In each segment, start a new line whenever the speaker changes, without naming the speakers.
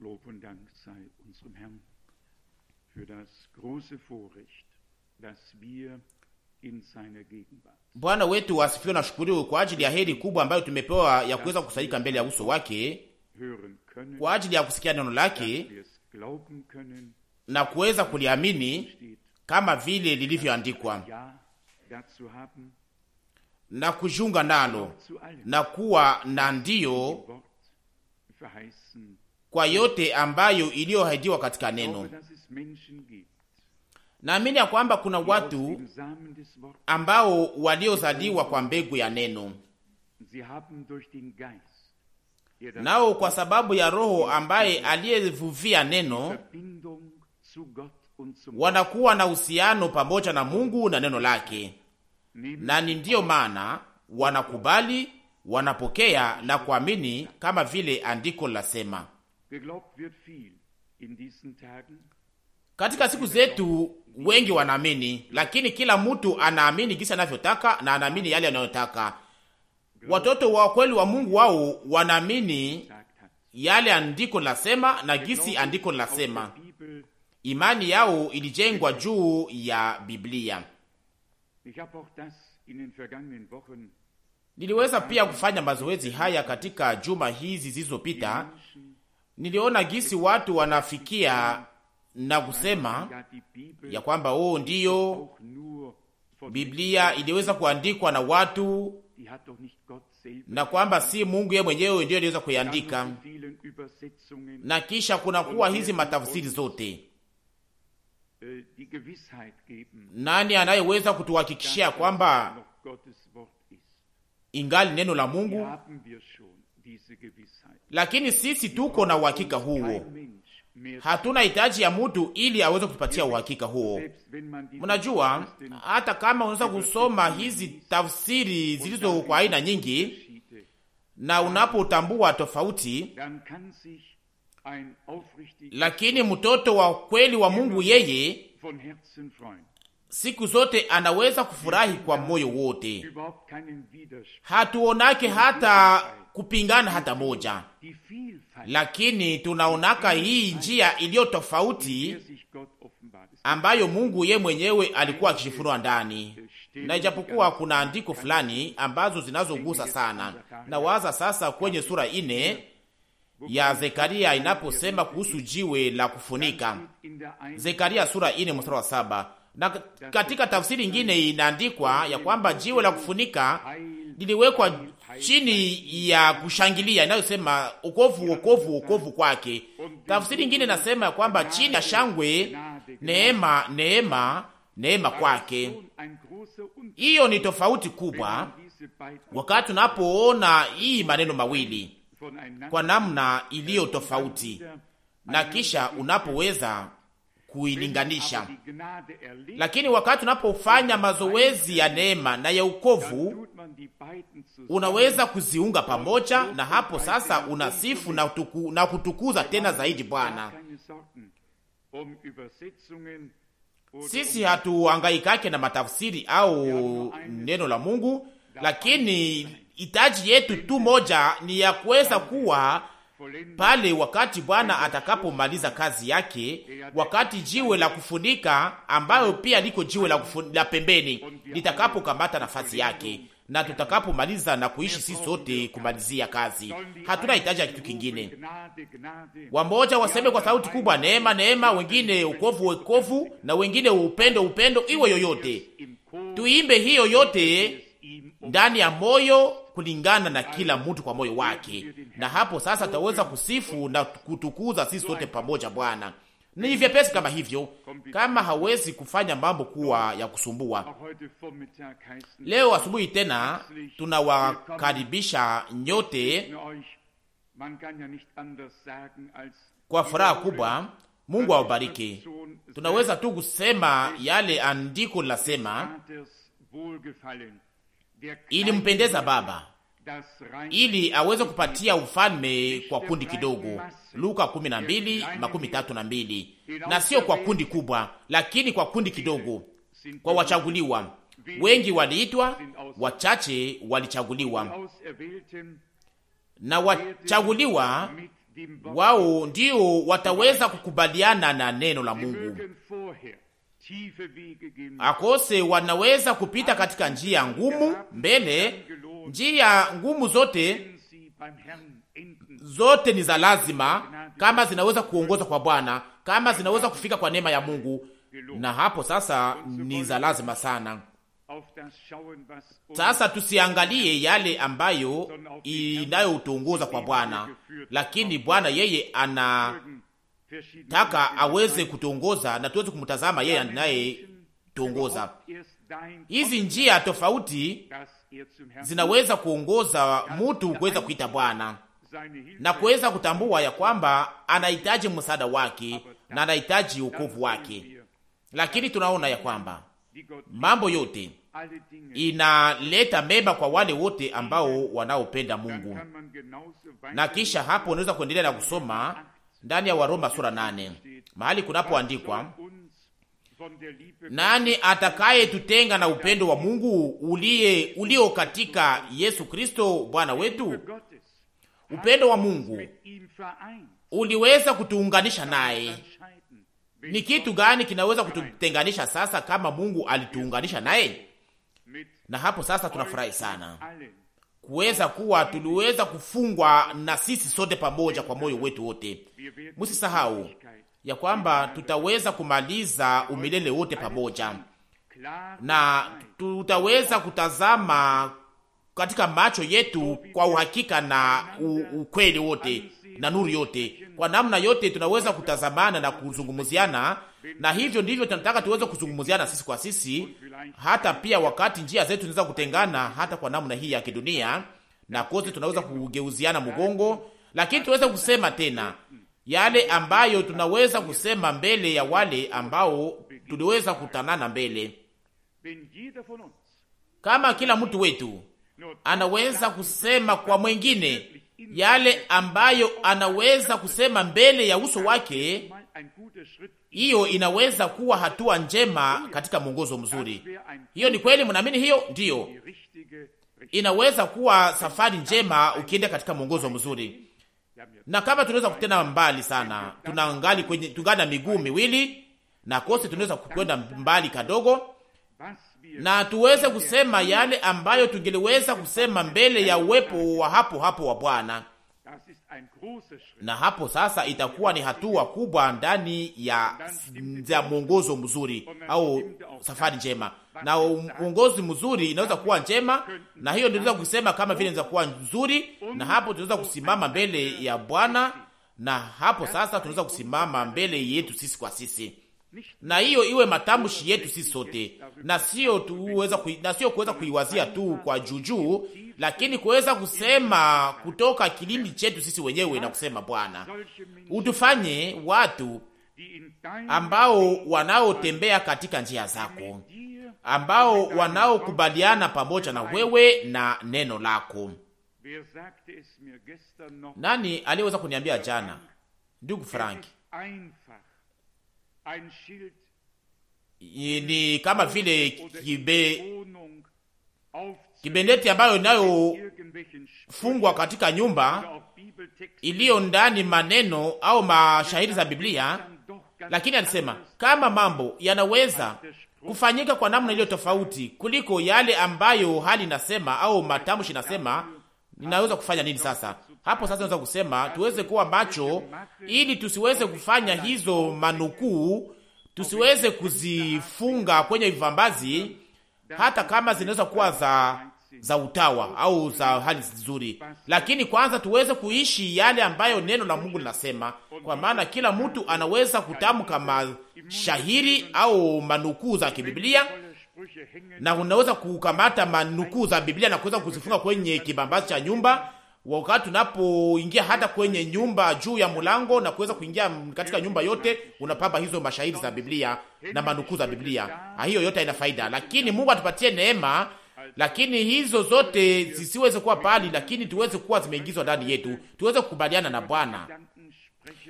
Lob und Dank sei unserem Herrn für das große Vorrecht, dass wir in seiner Gegenwart.
Bwana wetu asifiwe na shukuriwe kwa ajili ya heri kubwa ambayo tumepewa ya kuweza kukusanyika mbele ya uso wake kwa ajili ya kusikia neno lake na kuweza kuliamini kama vile lilivyoandikwa na kujunga nalo na kuwa na ndiyo kwa yote ambayo iliyoahidiwa katika neno. Naamini ya kwamba kuna watu ambao waliozaliwa kwa mbegu ya neno, nao kwa sababu ya Roho ambaye aliyevuvia neno wanakuwa na uhusiano pamoja na Mungu na neno lake, na ni ndiyo maana wanakubali, wanapokea na kuamini kama vile andiko linasema. Katika siku zetu wengi wanaamini, lakini kila mtu anaamini gisi anavyotaka na anaamini yale anayotaka. Watoto wa kweli wa Mungu wao wanaamini yale andiko linasema na gisi andiko linasema. Imani yao ilijengwa juu ya Biblia. Niliweza pia kufanya mazoezi haya katika juma hizi zilizopita, niliona gisi watu wanafikia na kusema ya kwamba oh, ndiyo Biblia iliweza kuandikwa na watu na kwamba si Mungu yeye mwenyewe ndiyo aliweza kuiandika, na kisha kunakuwa hizi matafsiri zote. Nani anayeweza kutuhakikishia kwamba ingali neno la Mungu? lakini sisi tuko na uhakika huo. Hatuna hitaji ya mtu ili aweze kutupatia uhakika huo.
Mnajua,
hata kama unaweza kusoma hizi tafsiri zilizo kwa aina nyingi, na unapotambua tofauti, lakini mtoto wa kweli wa Mungu yeye siku zote anaweza kufurahi kwa moyo wote, hatuonake hata kupingana hata moja, lakini tunaonaka hii njia iliyo tofauti ambayo Mungu ye mwenyewe alikuwa akishifunua ndani, na ijapokuwa kuna andiko fulani ambazo zinazogusa sana na waza sasa kwenye sura ine ya Zekaria inaposema kuhusu jiwe la kufunika. Zekaria sura ine mstari wa saba. Na katika tafsiri ingine inaandikwa ya kwamba jiwe la kufunika liliwekwa chini ya kushangilia inayosema ukovu ukovu okovu kwake. Tafsiri ingine nasema kwamba chini ya shangwe, neema, neema, neema kwake. Hiyo ni tofauti kubwa, wakati tunapoona hii maneno mawili kwa namna iliyo tofauti, na kisha unapoweza kuilinganisha. Lakini wakati unapofanya mazoezi ya neema na ya ukovu, unaweza kuziunga pamoja, na hapo sasa unasifu na, tuku, na kutukuza tena zaidi Bwana. Sisi hatuangaikake na matafsiri au neno la Mungu, lakini hitaji yetu tu moja ni ya kuweza kuwa pale wakati Bwana atakapomaliza kazi yake, wakati jiwe la kufunika ambayo pia liko jiwe la, la pembeni litakapokamata nafasi yake na tutakapomaliza na kuishi sisi sote kumalizia kazi, hatuna hitaji ya kitu kingine. Wamoja waseme kwa sauti kubwa, neema neema, wengine ukovu ukovu, na wengine upendo upendo, iwe yoyote. Tuimbe hiyo yote ndani ya moyo kulingana na kila mtu kwa moyo wake, na hapo sasa tutaweza kusifu na kutukuza sisi sote pamoja Bwana ni vyepesi kama hivyo, kama hawezi kufanya mambo kuwa ya kusumbua.
Leo asubuhi tena tunawakaribisha
nyote kwa furaha kubwa. Mungu awabariki. Tunaweza tu kusema yale andiko linasema, ilimpendeza Baba ili aweze kupatia ufalme kwa kundi kidogo Luka mbili makumi tatu na mbili, na sio kwa kundi kubwa, lakini kwa kundi kidogo, kwa wachaguliwa wengi. Waliitwa, wachache walichaguliwa, na wachaguliwa wao ndio wataweza kukubaliana na neno la Mungu akose wanaweza kupita katika njia ngumu mbele, njia ngumu zote zote ni za lazima kama zinaweza kuongoza kwa Bwana, kama zinaweza kufika kwa neema ya Mungu, na hapo sasa ni za lazima sana. Sasa tusiangalie yale ambayo inayotuongoza kwa Bwana, lakini Bwana yeye anataka aweze kutuongoza na tuweze kumtazama yeye anayetuongoza. Hizi njia tofauti zinaweza kuongoza mtu kuweza kuita Bwana na kuweza kutambua ya kwamba anahitaji msaada wake na anahitaji ukovu wake, lakini tunaona ya kwamba mambo yote inaleta mema kwa wale wote ambao wanaopenda Mungu. Na kisha hapo unaweza kuendelea na kusoma ndani ya Waroma sura nane mahali kunapoandikwa, nani atakaye tutenga na upendo wa Mungu uliye ulio katika Yesu Kristo Bwana wetu? upendo wa Mungu uliweza kutuunganisha naye. Ni kitu gani kinaweza kututenganisha sasa, kama Mungu alituunganisha naye? Na hapo sasa tunafurahi sana kuweza kuwa tuliweza kufungwa na sisi sote pamoja kwa moyo wetu wote. Msisahau ya kwamba tutaweza kumaliza umilele wote pamoja na tutaweza kutazama katika macho yetu kwa uhakika na ukweli wote na nuru yote. Kwa namna yote tunaweza kutazamana na kuzungumziana, na hivyo ndivyo tunataka tuweze kuzungumziana sisi kwa sisi, hata pia wakati njia zetu zinaweza kutengana, hata kwa namna hii ya kidunia, na kote tunaweza kugeuziana mgongo, lakini tuweze kusema tena yale ambayo tunaweza kusema mbele ya wale ambao tuliweza kutanana mbele, kama kila mtu wetu anaweza kusema kwa mwengine yale ambayo anaweza kusema mbele ya uso wake. Hiyo inaweza kuwa hatua njema katika mwongozo mzuri. Hiyo ni kweli, mnaamini hiyo? Ndiyo, inaweza kuwa safari njema ukienda katika mwongozo mzuri, na kama tunaweza kutenda mbali sana, tunangali kwenye tungana miguu miwili na kose, tunaweza kukwenda mbali kadogo na tuweze kusema yale ambayo tungeliweza kusema mbele ya uwepo wa hapo hapo wa Bwana. Na hapo sasa itakuwa ni hatua kubwa ndani ya, ya mwongozo mzuri au safari njema, na uongozi mzuri inaweza kuwa njema, na hiyo ndio kusema kama vile inaweza kuwa nzuri, na hapo tunaweza kusimama mbele ya Bwana, na hapo sasa tunaweza kusimama mbele yetu sisi kwa sisi na hiyo iwe matamshi yetu sisi sote, na sio tuweza kui, na sio kuweza kuiwazia tu kwa juujuu, lakini kuweza kusema kutoka kilindi chetu sisi wenyewe na kusema Bwana, utufanye watu ambao wanaotembea katika njia zako, ambao wanaokubaliana pamoja na wewe na neno lako. Nani aliyeweza kuniambia jana, ndugu Frank ni kama vile kibe, kibendeti ambayo inayofungwa katika nyumba iliyo ndani maneno au mashahiri za Biblia. Lakini alisema kama mambo yanaweza kufanyika kwa namna iliyo tofauti kuliko yale ambayo hali inasema au matamshi inasema, ninaweza kufanya nini sasa? Hapo sasa naweza kusema tuweze kuwa macho, ili tusiweze kufanya hizo manukuu, tusiweze kuzifunga kwenye vivambazi, hata kama zinaweza kuwa za za utawa au za hali nzuri, lakini kwanza tuweze kuishi yale ambayo neno la Mungu linasema, kwa maana kila mtu anaweza kutamka mashahiri au manukuu za kibiblia, na unaweza kukamata manukuu za Biblia na kuweza kuzifunga kwenye kibambazi cha nyumba wakati tunapoingia hata kwenye nyumba juu ya mlango na kuweza kuingia katika nyumba yote, unapamba hizo mashahidi za Biblia na manukuu za Biblia. Ah, hiyo yote haina faida, lakini Mungu atupatie neema, lakini hizo zote zisiweze kuwa pali, lakini tuweze kuwa zimeingizwa ndani yetu, tuweze kukubaliana na Bwana.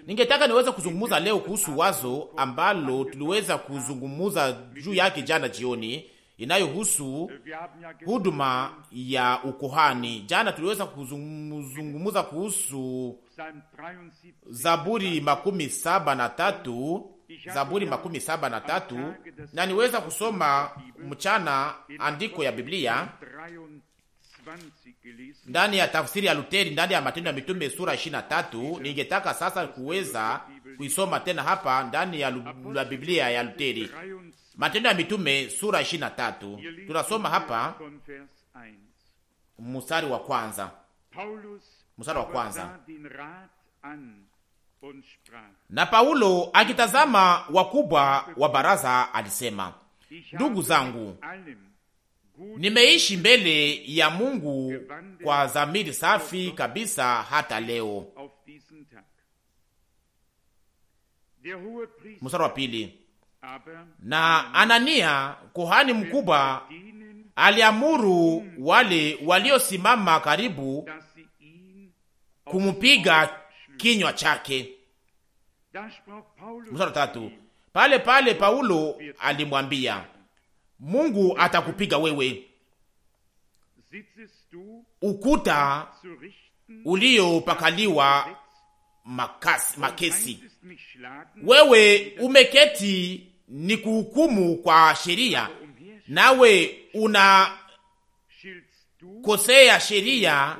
Ningetaka niweze kuzungumza leo kuhusu wazo ambalo tuliweza kuzungumza juu yake jana jioni inayohusu
huduma
ya ukohani. Jana tuliweza kuzungumza kuhusu Zaburi makumi saba na tatu Zaburi makumi saba na tatu na niweza kusoma mchana andiko ya Biblia ndani ya tafsiri ya Luteri ndani ya Matendo ya Mitume sura ishirini na tatu. Ningetaka sasa kuweza kuisoma tena hapa ndani ya, ya Biblia ya Luteri Matendo ya Mitume sura 23 tunasoma hapa mstari wa kwanza, mstari wa kwanza. Na Paulo akitazama wakubwa wa baraza alisema, ndugu zangu, nimeishi mbele ya Mungu kwa dhamiri safi kabisa hata leo.
Mstari wa pili
na Anania kohani mkubwa aliamuru wale waliosimama karibu kumupiga kinywa chake. Mstari tatu. Pale pale Paulo alimwambia, Mungu atakupiga wewe, ukuta uliopakaliwa makasi, makesi. Wewe umeketi ni kuhukumu kwa sheria, nawe unakosea sheria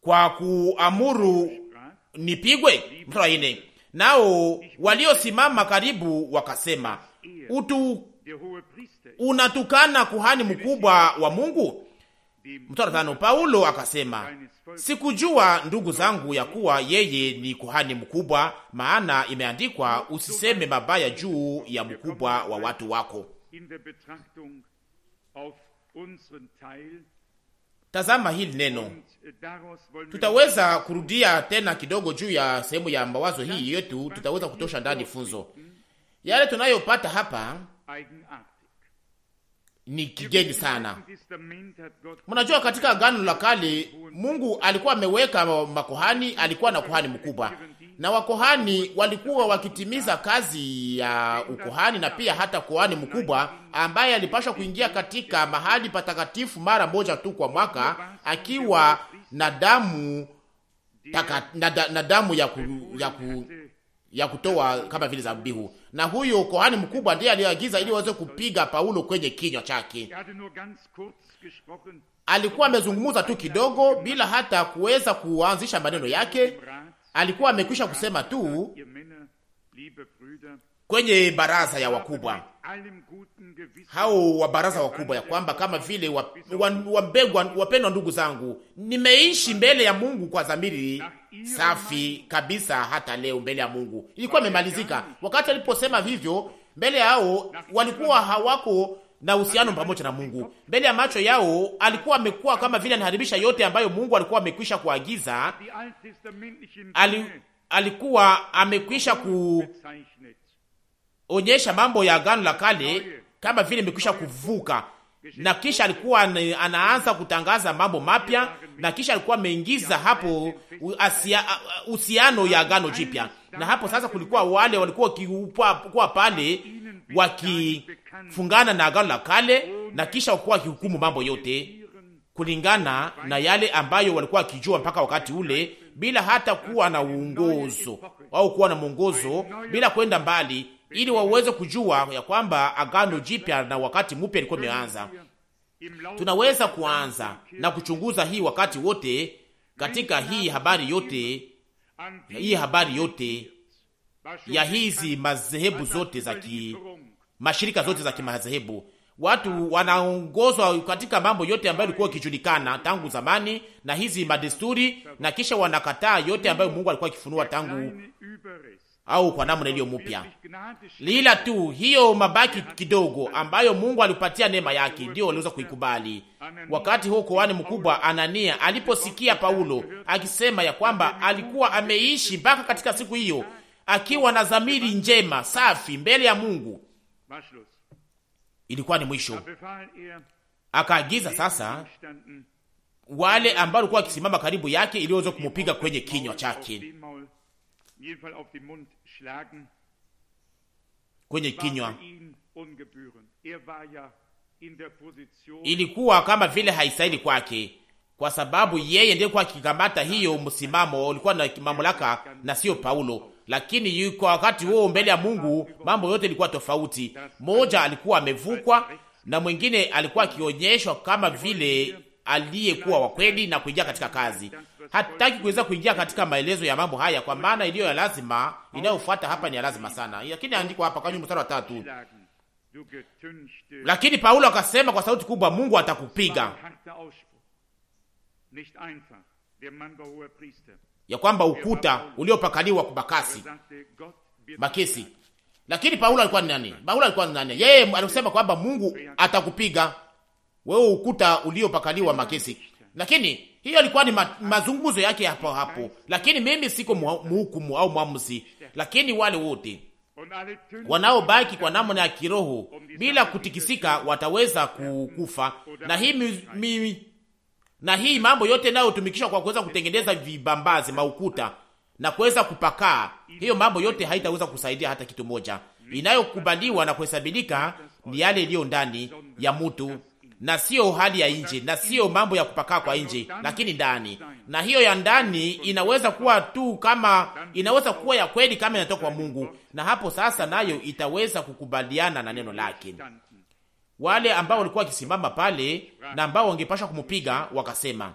kwa kuamuru nipigwe. Mstari wa ine, nao waliosimama karibu wakasema, utu unatukana kuhani mkubwa wa Mungu. Mstari wa tano, Paulo akasema Sikujua ndugu zangu, ya kuwa yeye ni kuhani mkubwa, maana imeandikwa, usiseme mabaya juu ya mkubwa wa watu wako. Tazama hili neno, tutaweza kurudia tena kidogo juu ya sehemu ya mawazo hii yetu, tutaweza kutosha ndani funzo yale tunayopata hapa ni kigeni sana. Mnajua, katika Agano la Kale Mungu alikuwa ameweka makohani, alikuwa na kuhani mkubwa, na wakohani walikuwa wakitimiza kazi ya ukohani, na pia hata kuhani mkubwa ambaye alipashwa kuingia katika mahali patakatifu mara moja tu kwa mwaka akiwa na damu taka, na, na damu ya, ku, ya, ku, ya kutoa kama vile zabihu na huyo kohani mkubwa ndiye aliyoagiza ili waweze kupiga Paulo kwenye kinywa chake. Er Alikuwa amezungumza tu kidogo bila hata kuweza kuanzisha maneno yake. Alikuwa amekwisha kusema tu kwenye baraza ya wakubwa hao wa baraza wakubwa, ya kwamba kama vile wapendwa wa, wa ndugu zangu, nimeishi mbele ya Mungu kwa dhamiri safi kabisa, hata leo mbele ya Mungu ilikuwa imemalizika. Wakati aliposema vivyo mbele yao, walikuwa hawako na uhusiano pamoja na Mungu. Mbele ya macho yao alikuwa amekuwa kama vile anaharibisha yote ambayo Mungu alikuwa amekwisha kuagiza, alikuwa amekwisha ku onyesha mambo ya Agano la Kale oh, kama vile imekwisha oh, kuvuka, na kisha alikuwa anaanza kutangaza mambo mapya, na kisha alikuwa ameingiza hapo uhusiano ya Agano Jipya. Na hapo sasa kulikuwa wale walikuwa wakikuwa pale wakifungana na Agano la Kale, na kisha walikuwa wakihukumu mambo yote kulingana na yale ambayo walikuwa wakijua mpaka wakati ule, bila hata kuwa na uongozo au kuwa na mwongozo, bila kwenda mbali ili waweze kujua ya kwamba agano jipya na wakati mpya ilikuwa imeanza. Tunaweza kuanza na kuchunguza hii wakati wote katika hii habari yote, hii habari yote ya hizi madhehebu zote za ki mashirika zote za kimadhehebu. Watu wanaongozwa katika mambo yote ambayo ilikuwa ikijulikana tangu zamani na hizi madesturi, na kisha wanakataa yote ambayo Mungu alikuwa akifunua tangu au kwa namna iliyo mpya, lila tu hiyo mabaki kidogo ambayo Mungu alipatia neema yake, ndio waliweza kuikubali. Wakati huo kuhani mkubwa Anania aliposikia Paulo akisema ya kwamba alikuwa ameishi mpaka katika siku hiyo akiwa na dhamiri njema safi mbele ya Mungu, ilikuwa ni mwisho. Akaagiza sasa wale ambao walikuwa wakisimama karibu yake, iliweza kumupiga kwenye kinywa chake kwenye kinywa. Er ilikuwa kama vile haistahili kwake, kwa sababu yeye ndiye kuwa akikamata hiyo msimamo, ulikuwa na mamlaka na sio Paulo. Lakini kwa wakati huo mbele ya Mungu mambo yote ilikuwa tofauti. Mmoja alikuwa amevukwa na mwingine alikuwa akionyeshwa kama vile aliyekuwa wa kweli na kuingia katika kazi. Hataki kuweza kuingia katika maelezo ya mambo haya, kwa maana iliyo ya lazima inayofuata hapa ni ya lazima sana, lakini andiko hapa kwa mstari wa tatu,
lakini Paulo akasema kwa sauti kubwa,
Mungu atakupiga ya kwamba ukuta uliopakaliwa kubakasi makesi. Lakini Paulo alikuwa ni nani? Paulo alikuwa ni nani? Yeye alisema kwamba Mungu atakupiga wewe ukuta uliopakaliwa makesi. Lakini hiyo ilikuwa ni ma, mazungumzo yake hapo hapo, lakini mimi siko muhukumu au mwamuzi. Lakini wale wote wanaobaki kwa namna ya kiroho bila kutikisika wataweza kukufa, na hii mi, mi, na hii mambo yote nayo tumikishwa kwa kuweza kutengeneza vibambazi maukuta na kuweza kupakaa, hiyo mambo yote haitaweza kusaidia hata kitu moja. Inayokubaliwa na kuhesabilika ni yale iliyo ndani ya mtu na sio hali ya nje na sio mambo ya kupakaa kwa nje, lakini ndani. Na hiyo ya ndani inaweza kuwa tu kama inaweza kuwa ya kweli kama inatoka kwa Mungu, na hapo sasa nayo itaweza kukubaliana na neno lake. Wale ambao walikuwa wakisimama pale na ambao wangepasha kumupiga wakasema,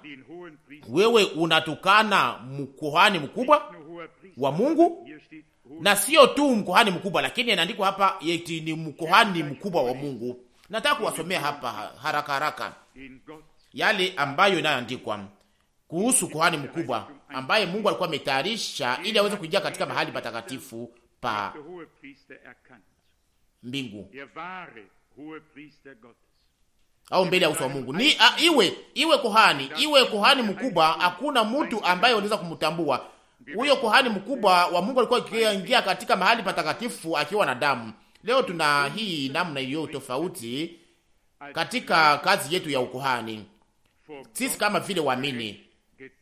wewe unatukana mkuhani mkubwa wa Mungu, na sio tu mkuhani mkubwa, lakini inaandikwa hapa yeti ni mkuhani mkubwa wa Mungu. Nataka kuwasomea hapa haraka haraka yale ambayo inayoandikwa kuhusu kuhani mkubwa ambaye Mungu alikuwa ametayarisha ili aweze kuingia katika mahali patakatifu pa mbingu au mbele ya uso wa Mungu ni a, iwe iwe kuhani iwe kuhani mkubwa, hakuna mtu ambaye anaweza kumtambua huyo kuhani mkubwa wa Mungu. Alikuwa akiingia katika mahali patakatifu akiwa na damu, Leo tuna hii namna iliyo tofauti katika kazi yetu ya ukuhani. Sisi kama vile waamini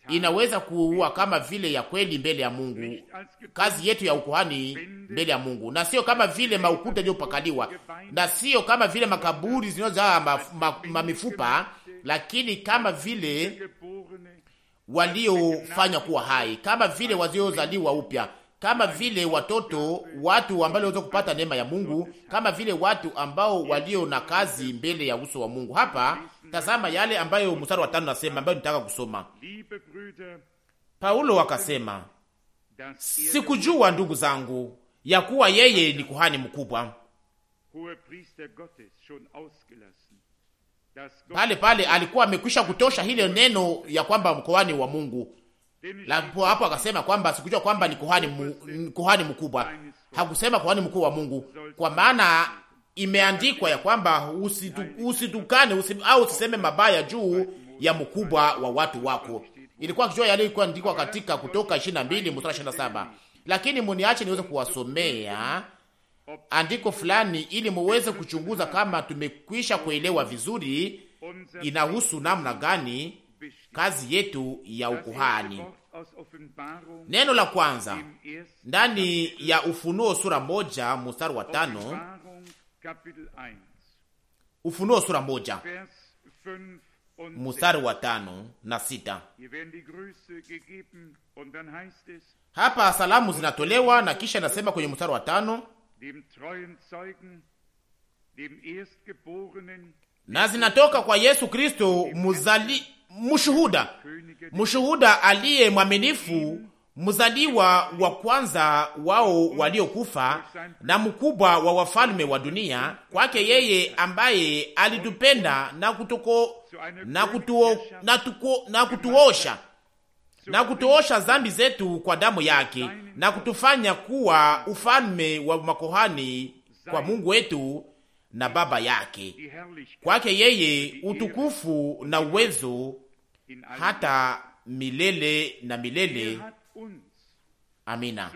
inaweza kuua kama vile ya kweli mbele ya Mungu, kazi yetu ya ukuhani mbele ya Mungu, na sio kama vile maukuta yaliyopakaliwa, na sio kama vile makaburi zinazojaa ma, ma, ma mifupa, lakini kama vile waliofanywa kuwa hai, kama vile waliozaliwa upya kama vile watoto, watu ambao waweza kupata neema ya Mungu, kama vile watu ambao walio na kazi mbele ya uso wa Mungu. Hapa tazama yale ambayo mstari wa tano nasema, ambayo nitaka kusoma. Paulo akasema, sikujua ndugu zangu ya kuwa yeye ni kuhani mkubwa. Pale pale alikuwa amekwisha kutosha hilo neno ya kwamba mkoani wa Mungu Lapo hapo akasema kwamba sikujua kwamba ni kuhani, mu, kuhani mkubwa. Hakusema kuhani mkuu wa Mungu, kwa maana imeandikwa ya kwamba usitukane usi, au usiseme mabaya juu ya mkubwa wa watu wako. Ilikuwa kijua yale ilikuwa andikwa katika Kutoka 22 mstari 27. Lakini muniache niweze kuwasomea andiko fulani ili muweze kuchunguza kama tumekwisha kuelewa vizuri inahusu namna gani kazi yetu ya ukuhani.
Neno la kwanza
ndani ya Ufunuo sura moja mstari wa tano Ufunuo sura moja mstari wa tano na sita. Hapa salamu zinatolewa na kisha nasema kwenye mstari wa tano na zinatoka kwa Yesu Kristo muzali mshuhuda, mshuhuda aliye mwaminifu, mzaliwa wa kwanza wao waliokufa, na mkubwa wa wafalme wa dunia. Kwake yeye ambaye alitupenda na kutuko na kutuo na tuko na kutuosha na kutuosha zambi zetu kwa damu yake na kutufanya kuwa ufalme wa makohani kwa Mungu wetu na Baba yake. Kwake yeye utukufu na uwezo hata milele na milele. Amina.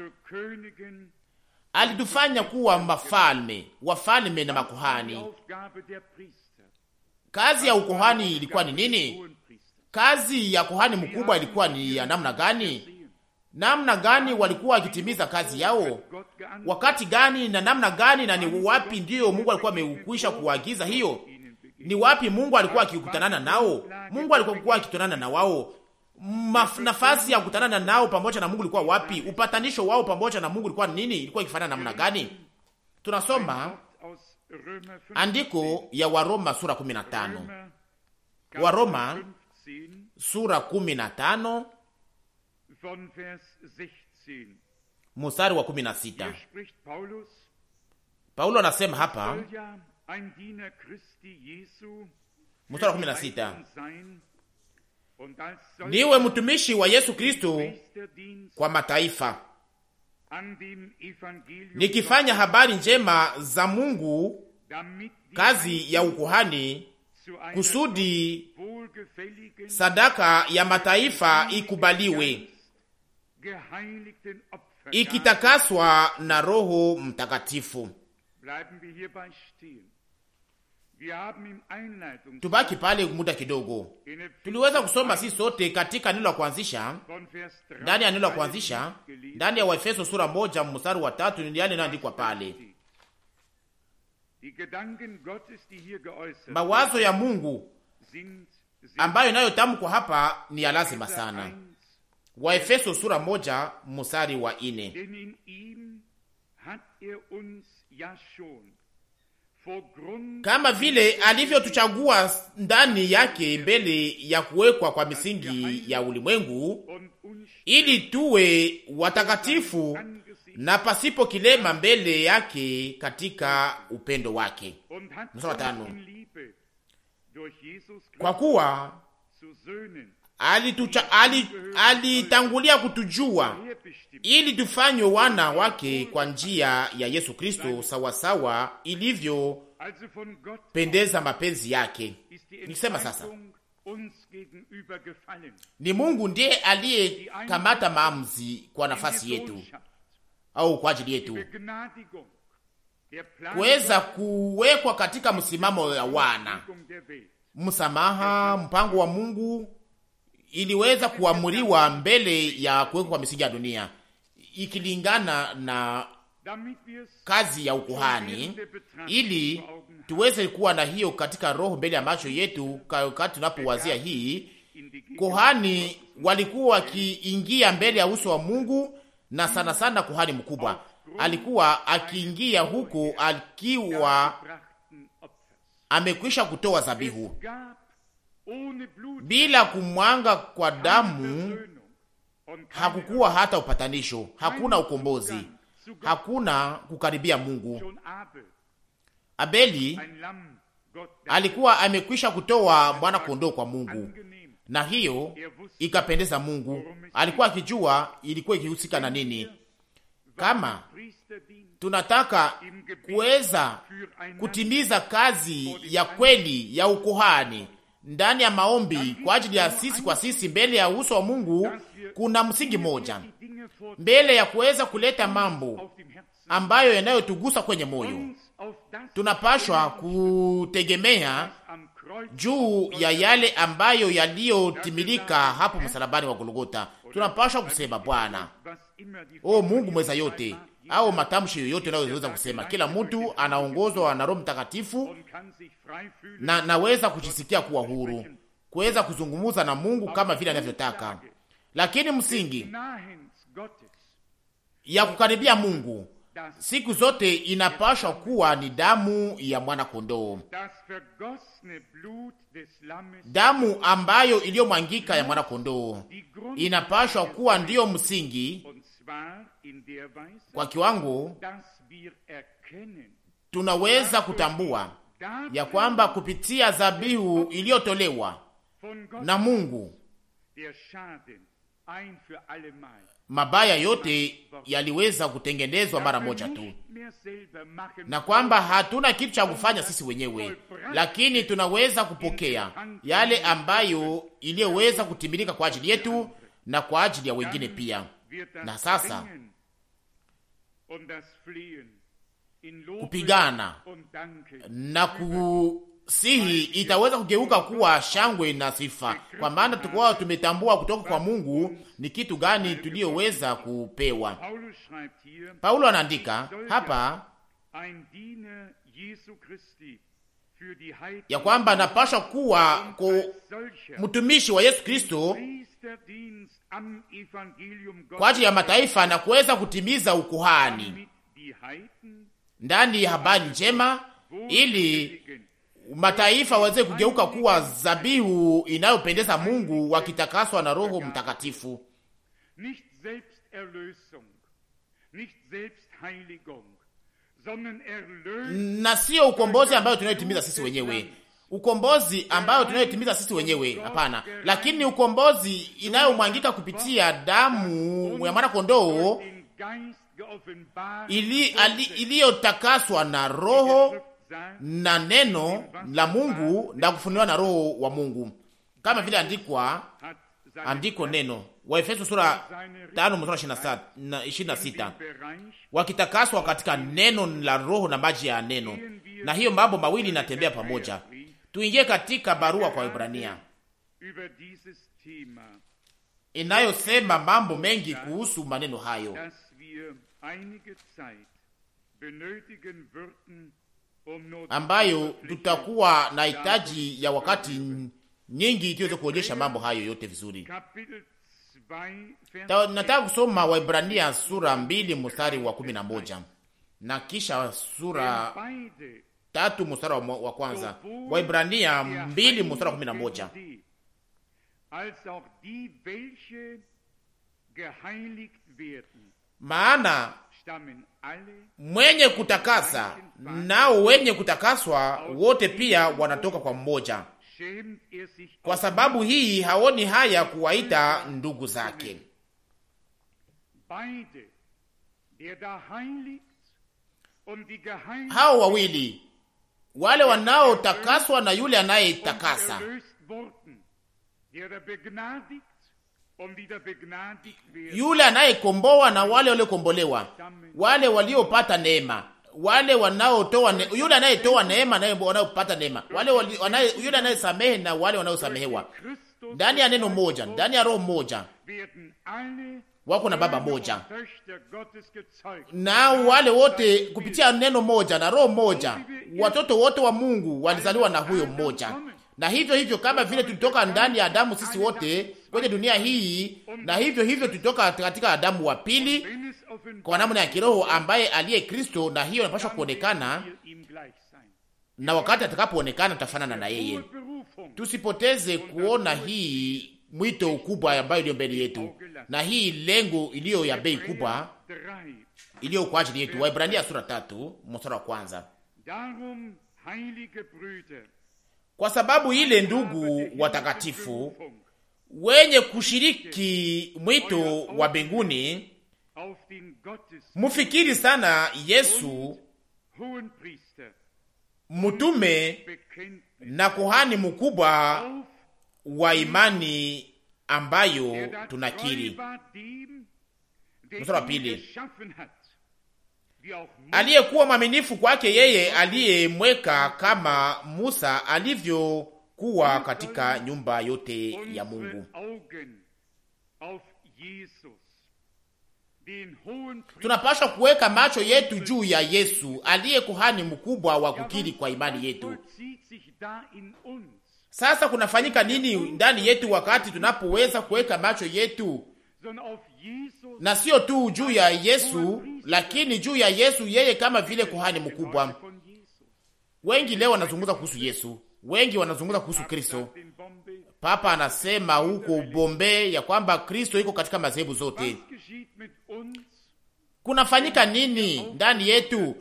Alitufanya kuwa mafalme, wafalme na makuhani. Kazi ya ukohani ilikuwa ni nini? Kazi ya kuhani mkubwa ilikuwa ni ya namna gani? namna gani walikuwa wakitimiza kazi yao, wakati gani na namna gani, na ni wapi ndiyo Mungu alikuwa ameukwisha kuagiza hiyo, ni wapi Mungu alikuwa akikutanana nao. Mungu alikuwa akitanana na wao, nafasi ya kukutanana nao pamoja na Mungu ilikuwa wapi? Upatanisho wao pamoja na Mungu ilikuwa nini? Ilikuwa ikifanana namna gani? Tunasoma andiko ya Waroma sura 15, Waroma sura 15 mstari wa kumi na sita. Paulo anasema hapa mstari wa kumi na sita niwe mtumishi wa Yesu Kristo kwa mataifa nikifanya habari njema za Mungu, kazi ya ukuhani, kusudi sadaka ya mataifa ikubaliwe ikitakaswa na Roho Mtakatifu. Tubaki pale muda kidogo. Tuliweza kusoma si sote katika neno la kuanzisha, ndani ya neno la kuanzisha, ndani ya Waefeso sura moja mstari wa tatu yale inayoandikwa pale
mawazo ya
Mungu ambayo inayotamkwa hapa ni ya lazima sana Waefeso sura moja mstari wa ine. Kama vile alivyotuchagua ndani yake mbele ya kuwekwa kwa misingi ya ulimwengu, ili tuwe watakatifu na pasipo kilema mbele yake katika upendo wake.
Kwa kuwa
alitucha alitangulia ali kutujua ili tufanywe wana wake kwa njia ya Yesu Kristo sawasawa
ilivyopendeza
mapenzi yake. Nikisema sasa, ni Mungu ndiye aliyekamata maamuzi kwa nafasi yetu au kwa ajili yetu kuweza kuwekwa katika msimamo ya wana msamaha, mpango wa Mungu iliweza kuamuriwa mbele ya kuwekwa kwa misingi ya dunia, ikilingana na kazi ya ukuhani, ili tuweze kuwa na hiyo katika roho mbele ya macho yetu. Wakati tunapowazia hii, kohani walikuwa wakiingia mbele ya uso wa Mungu, na sana sana kohani mkubwa alikuwa akiingia huko akiwa amekwisha kutoa zabihu bila kumwanga kwa damu hakukuwa hata upatanisho, hakuna ukombozi, hakuna kukaribia Mungu. Abeli alikuwa amekwisha kutoa mwana kondoo kwa Mungu, na hiyo ikapendeza Mungu. Alikuwa akijua ilikuwa ikihusika na nini. Kama tunataka kuweza kutimiza kazi ya kweli ya ukuhani ndani ya maombi kwa ajili ya sisi kwa sisi mbele ya uso wa Mungu, kuna msingi moja mbele ya kuweza kuleta mambo ambayo yanayotugusa kwenye moyo, tunapashwa kutegemea juu ya yale ambayo yaliyotimilika hapo msalabani wa Golgota. Tunapashwa kusema Bwana, o oh Mungu mweza yote, au matamshi yoyote unayoweza kusema. Kila mtu anaongozwa na Roho Mtakatifu na naweza kujisikia kuwa huru kuweza kuzungumza na Mungu kama vile anavyotaka, lakini msingi ya kukaribia Mungu siku zote inapashwa kuwa ni damu ya mwana kondoo, damu ambayo iliyomwangika ya mwana kondoo inapashwa kuwa ndiyo msingi kwa kiwango tunaweza kutambua ya kwamba kupitia dhabihu iliyotolewa
na Mungu
mabaya yote yaliweza kutengenezwa mara moja tu, na kwamba hatuna kitu cha kufanya sisi wenyewe, lakini tunaweza kupokea yale ambayo iliyoweza kutimilika kwa ajili yetu na kwa ajili ya wengine pia na sasa
kupigana na
kusihi itaweza kugeuka kuwa shangwe na sifa, kwa maana tukuwa tumetambua kutoka kwa Mungu ni kitu gani tuliyoweza kupewa.
Paulo anaandika hapa ya kwamba
napasha kuwa mtumishi wa Yesu Kristo
kwa ajili ya mataifa
na kuweza kutimiza ukuhani ndani ya habari njema, ili mataifa waweze kugeuka kuwa zabihu inayopendeza Mungu, wakitakaswa na Roho Mtakatifu, na siyo ukombozi ambayo tunayotimiza sisi wenyewe ukombozi ambayo tunayotimiza sisi wenyewe, hapana, lakini ukombozi inayomwangika kupitia damu ya mwana kondoo iliyotakaswa ili na roho na neno la Mungu na kufunuliwa na roho wa Mungu, kama vile andikwa andiko neno Waefeso sura 5:26 wakitakaswa katika neno la roho na maji ya neno, na hiyo mambo mawili inatembea pamoja Tuingie katika barua kwa Ibrania inayosema mambo mengi kuhusu maneno hayo.
Um ambayo
tutakuwa na hitaji ya wakati nyingi ikiweze kuonyesha mambo hayo yote vizuri. Ta, nataka kusoma Waibrania sura mbili mstari wa kumi na moja na kisha sura tatu mstari wa kwanza, Waibrania mbili mstari wa kumi na moja. Maana mwenye kutakasa nao wenye kutakaswa wote pia wanatoka kwa mmoja. Er kwa sababu hii haoni haya kuwaita ndugu zake.
Um Hao
wawili wale wanaotakaswa na yule anayetakasa. Yule anayekomboa na wale waliokombolewa, wale waliopata neema, wale wanaotoa ne, yule anayetoa neema naye wanaopata neema, wale wanaye, yule anayesamehe na wale wanaosamehewa, ndani ya neno moja, ndani ya roho moja wako na baba moja, na wale wote kupitia neno moja na roho moja, watoto wote wa Mungu walizaliwa na huyo mmoja. Na hivyo hivyo, kama vile tulitoka ndani ya Adamu sisi wote kwenye dunia hii, na hivyo hivyo tulitoka katika Adamu wa pili kwa namna ya kiroho, ambaye aliye Kristo, na hiyo inapaswa kuonekana, na wakati atakapoonekana tutafanana na yeye. Tusipoteze kuona hii mwito ukubwa ambayo iliyo mbele yetu na hii lengo iliyo ya bei kubwa iliyo kwa ajili yetu. Waibrania sura tatu mstari wa kwanza. Kwa sababu ile, ndugu watakatifu wenye kushiriki mwito wa mbinguni, mufikiri sana Yesu mutume na kuhani mkubwa wa imani ambayo er, tunakiri.
Mstari wa pili,
aliyekuwa mwaminifu kwake yeye aliyemweka kama Musa alivyokuwa katika nyumba yote ya Mungu. Tunapaswa kuweka macho yetu juu ya Yesu aliye kuhani mkubwa wa kukiri kwa imani yetu. Sasa kunafanyika nini ndani yetu wakati tunapoweza kuweka macho yetu na sio tu juu ya Yesu, lakini juu ya Yesu yeye kama vile kuhani mkubwa. Wengi leo wanazungumza kuhusu Yesu, wengi wanazungumza kuhusu Kristo. Papa anasema huko Bombe ya kwamba Kristo iko katika madhehebu zote. Kunafanyika nini ndani yetu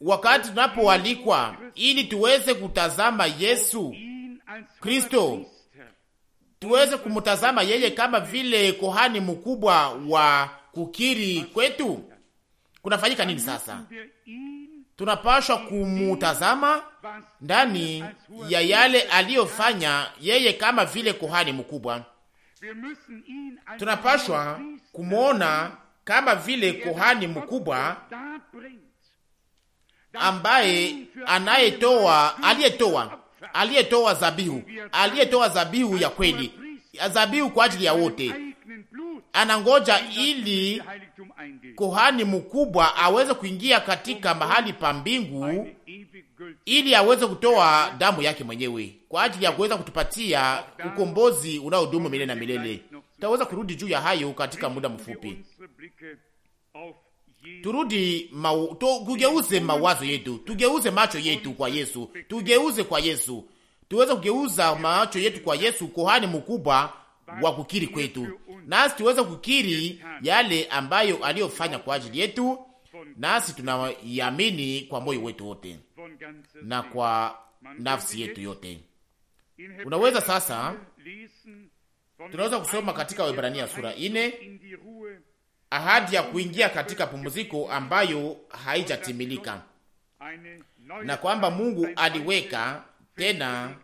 wakati tunapoalikwa ili tuweze kutazama Yesu Kristo, tuweze kumtazama yeye kama vile kohani mkubwa wa kukiri kwetu. Kunafanyika nini sasa? Tunapashwa kumutazama ndani ya yale aliyofanya yeye kama vile kohani mkubwa.
Tunapashwa
kumwona kama vile kohani mkubwa ambaye anayetoa aliyetoa aliyetoa zabihu aliyetoa zabihu ya kweli zabihu kwa ajili ya wote, anangoja ili kohani mkubwa aweze kuingia katika mahali pa mbingu ili aweze kutoa damu yake mwenyewe kwa ajili ya kuweza kutupatia ukombozi unaodumu milele na milele. Tutaweza kurudi juu ya hayo katika muda mfupi. Turudi ma, tu, tugeuze mawazo yetu, tugeuze macho yetu kwa Yesu, tugeuze kwa Yesu, tuweze kugeuza macho yetu kwa Yesu, kohani mkubwa wa kukiri kwetu, nasi tuweze kukiri yale ambayo aliyofanya kwa ajili yetu, nasi tunaiamini kwa moyo wetu wote na kwa nafsi yetu yote. Unaweza sasa, tunaweza kusoma katika Waebrania sura ine ahadi ya kuingia katika pumziko ambayo haijatimilika, na kwamba Mungu aliweka tena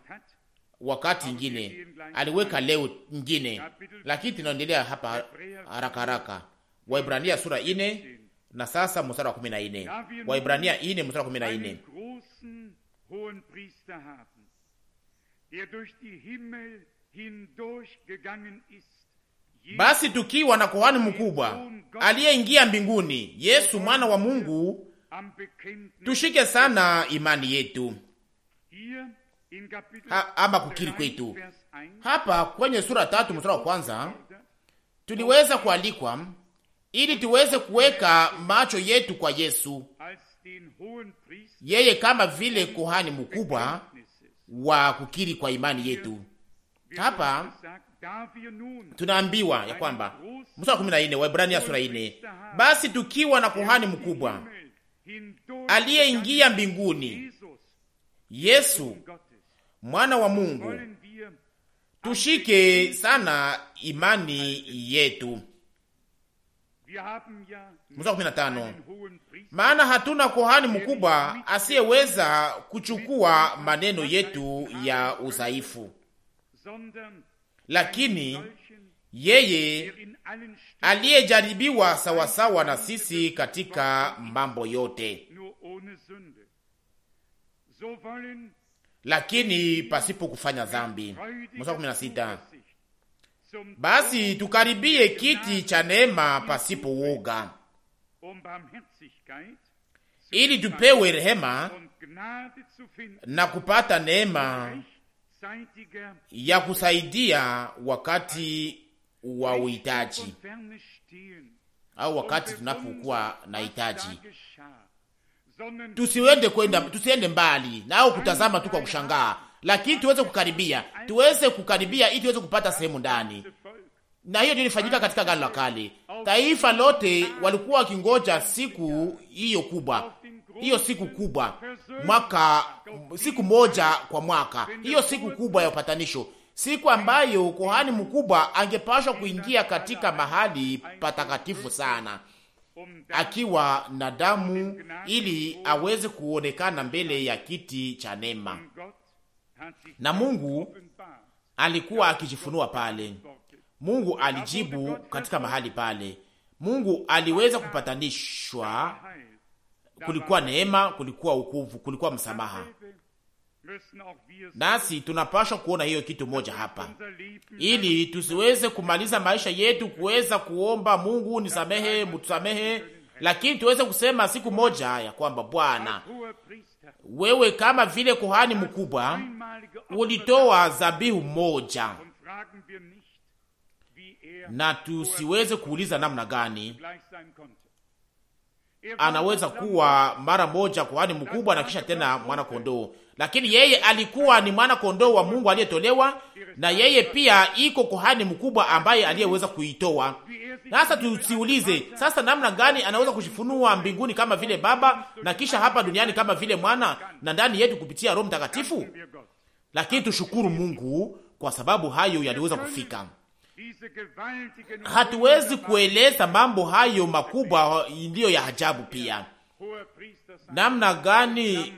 wakati ingine, aliweka leo ingine, lakini tunaendelea hapa haraka haraka. Waibrania sura ine na sasa mstari wa kumi na ine. Waibrania ine mstari wa kumi na ine. Basi tukiwa na kohani mkubwa aliyeingia mbinguni, Yesu mwana wa Mungu, tushike sana imani yetu
ha, ama kukiri kwetu. Hapa
kwenye sura tatu mstari wa kwanza tuliweza kualikwa ili tuweze kuweka macho yetu kwa Yesu, yeye kama vile kohani mkubwa wa kukiri kwa imani yetu. Hapa tunaambiwa ya kwamba mstari wa kumi na nne Waebrania sura nne, basi tukiwa na kuhani mkubwa aliyeingia mbinguni, Yesu mwana wa Mungu, tushike sana imani yetu. Mstari wa kumi na tano, maana hatuna kuhani mkubwa asiyeweza kuchukua maneno yetu ya udhaifu lakini yeye aliyejaribiwa sawasawa na sisi katika mambo yote, lakini pasipo kufanya dhambi. Basi tukaribie kiti cha neema pasipo woga, ili tupewe rehema na kupata neema ya kusaidia wakati wa uhitaji au wakati tunapokuwa na hitaji. Tusiende kwenda, tusiende mbali na au kutazama tu kwa kushangaa, lakini tuweze kukaribia, tuweze kukaribia ili tuweze kupata sehemu ndani na hiyo ndio ilifanyika katika gano la kale. Taifa lote walikuwa wakingoja siku hiyo kubwa, hiyo siku kubwa mwaka, siku moja kwa mwaka, hiyo siku kubwa ya upatanisho, siku ambayo kohani mkubwa angepashwa kuingia katika mahali patakatifu sana akiwa na damu, ili aweze kuonekana mbele ya kiti cha neema, na Mungu alikuwa akijifunua pale Mungu alijibu katika mahali pale. Mungu aliweza kupatanishwa, kulikuwa neema, kulikuwa ukuvu, kulikuwa msamaha. Nasi tunapashwa kuona hiyo kitu moja hapa, ili tusiweze kumaliza maisha yetu kuweza kuomba Mungu nisamehe, mutusamehe, lakini tuweze kusema siku moja ya kwamba Bwana, wewe kama vile kuhani mkubwa ulitoa dhabihu moja na tusiweze kuuliza namna gani anaweza kuwa mara moja kuhani mkubwa na kisha tena mwana kondoo, lakini yeye alikuwa ni mwana kondoo wa Mungu aliyetolewa, na yeye pia iko kuhani mkubwa ambaye aliyeweza kuitoa. Sasa tusiulize sasa namna gani anaweza kujifunua mbinguni kama vile Baba na kisha hapa duniani kama vile Mwana na ndani yetu kupitia Roho Mtakatifu, lakini tushukuru Mungu kwa sababu hayo yaliweza kufika
hatuwezi
kueleza mambo hayo makubwa iliyo ya ajabu pia, namna gani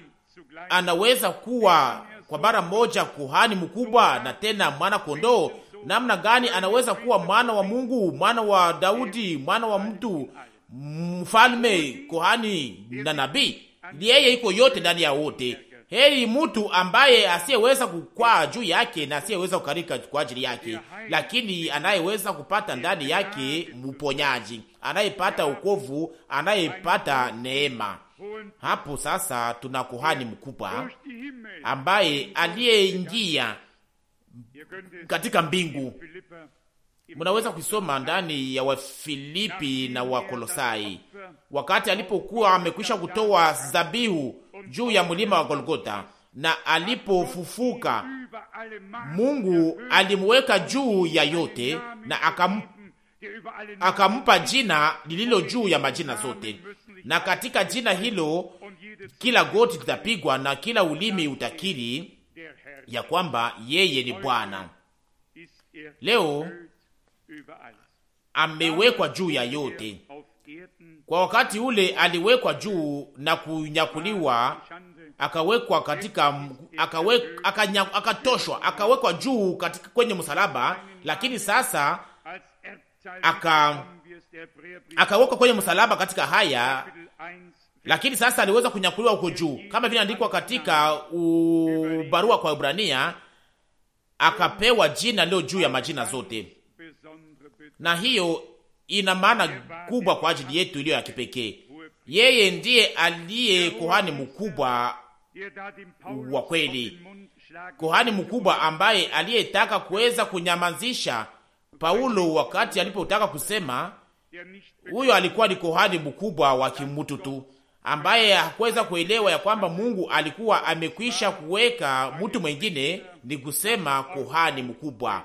anaweza kuwa kwa mara moja kuhani mkubwa na tena mwana kondoo. Namna gani anaweza kuwa mwana wa Mungu, mwana wa Daudi, mwana wa mtu, mfalme, kuhani na nabii. Yeye iko yote ndani ya wote, Heri mtu ambaye asiyeweza kukwaa juu yake na asiyeweza kukarika kwa ajili yake, lakini anayeweza kupata ndani yake mponyaji, anayepata ukovu, anayepata neema. Hapo sasa tuna kuhani mkubwa ambaye aliyeingia
katika mbingu.
Munaweza kuisoma ndani ya Wafilipi na Wakolosai, wakati alipokuwa amekwisha kutoa dhabihu juu ya mlima wa Golgota, na alipofufuka Mungu alimuweka juu ya yote na akam, akampa jina lililo juu ya majina zote, na katika jina hilo kila goti litapigwa na kila ulimi utakiri ya kwamba yeye ni Bwana. Leo amewekwa juu ya yote kwa wakati ule aliwekwa juu na kunyakuliwa, akawekwa katika akawe, akanya, akatoshwa akawekwa juu katika kwenye msalaba, lakini sasa
aka akawekwa
kwenye msalaba katika haya, lakini sasa aliweza kunyakuliwa huko juu, kama vile andikwa katika ubarua kwa Ibrania, akapewa jina lilo juu ya majina zote, na hiyo ina maana kubwa kwa ajili yetu iliyo ya kipekee. Yeye ndiye aliye kuhani mkubwa wa kweli, kuhani mkubwa ambaye aliyetaka kuweza kunyamazisha Paulo wakati alipotaka kusema. Huyo alikuwa ni kuhani mkubwa wa kimutu tu ambaye hakuweza kuelewa ya kwamba Mungu alikuwa amekwisha kuweka mtu mwengine, ni kusema kuhani mkubwa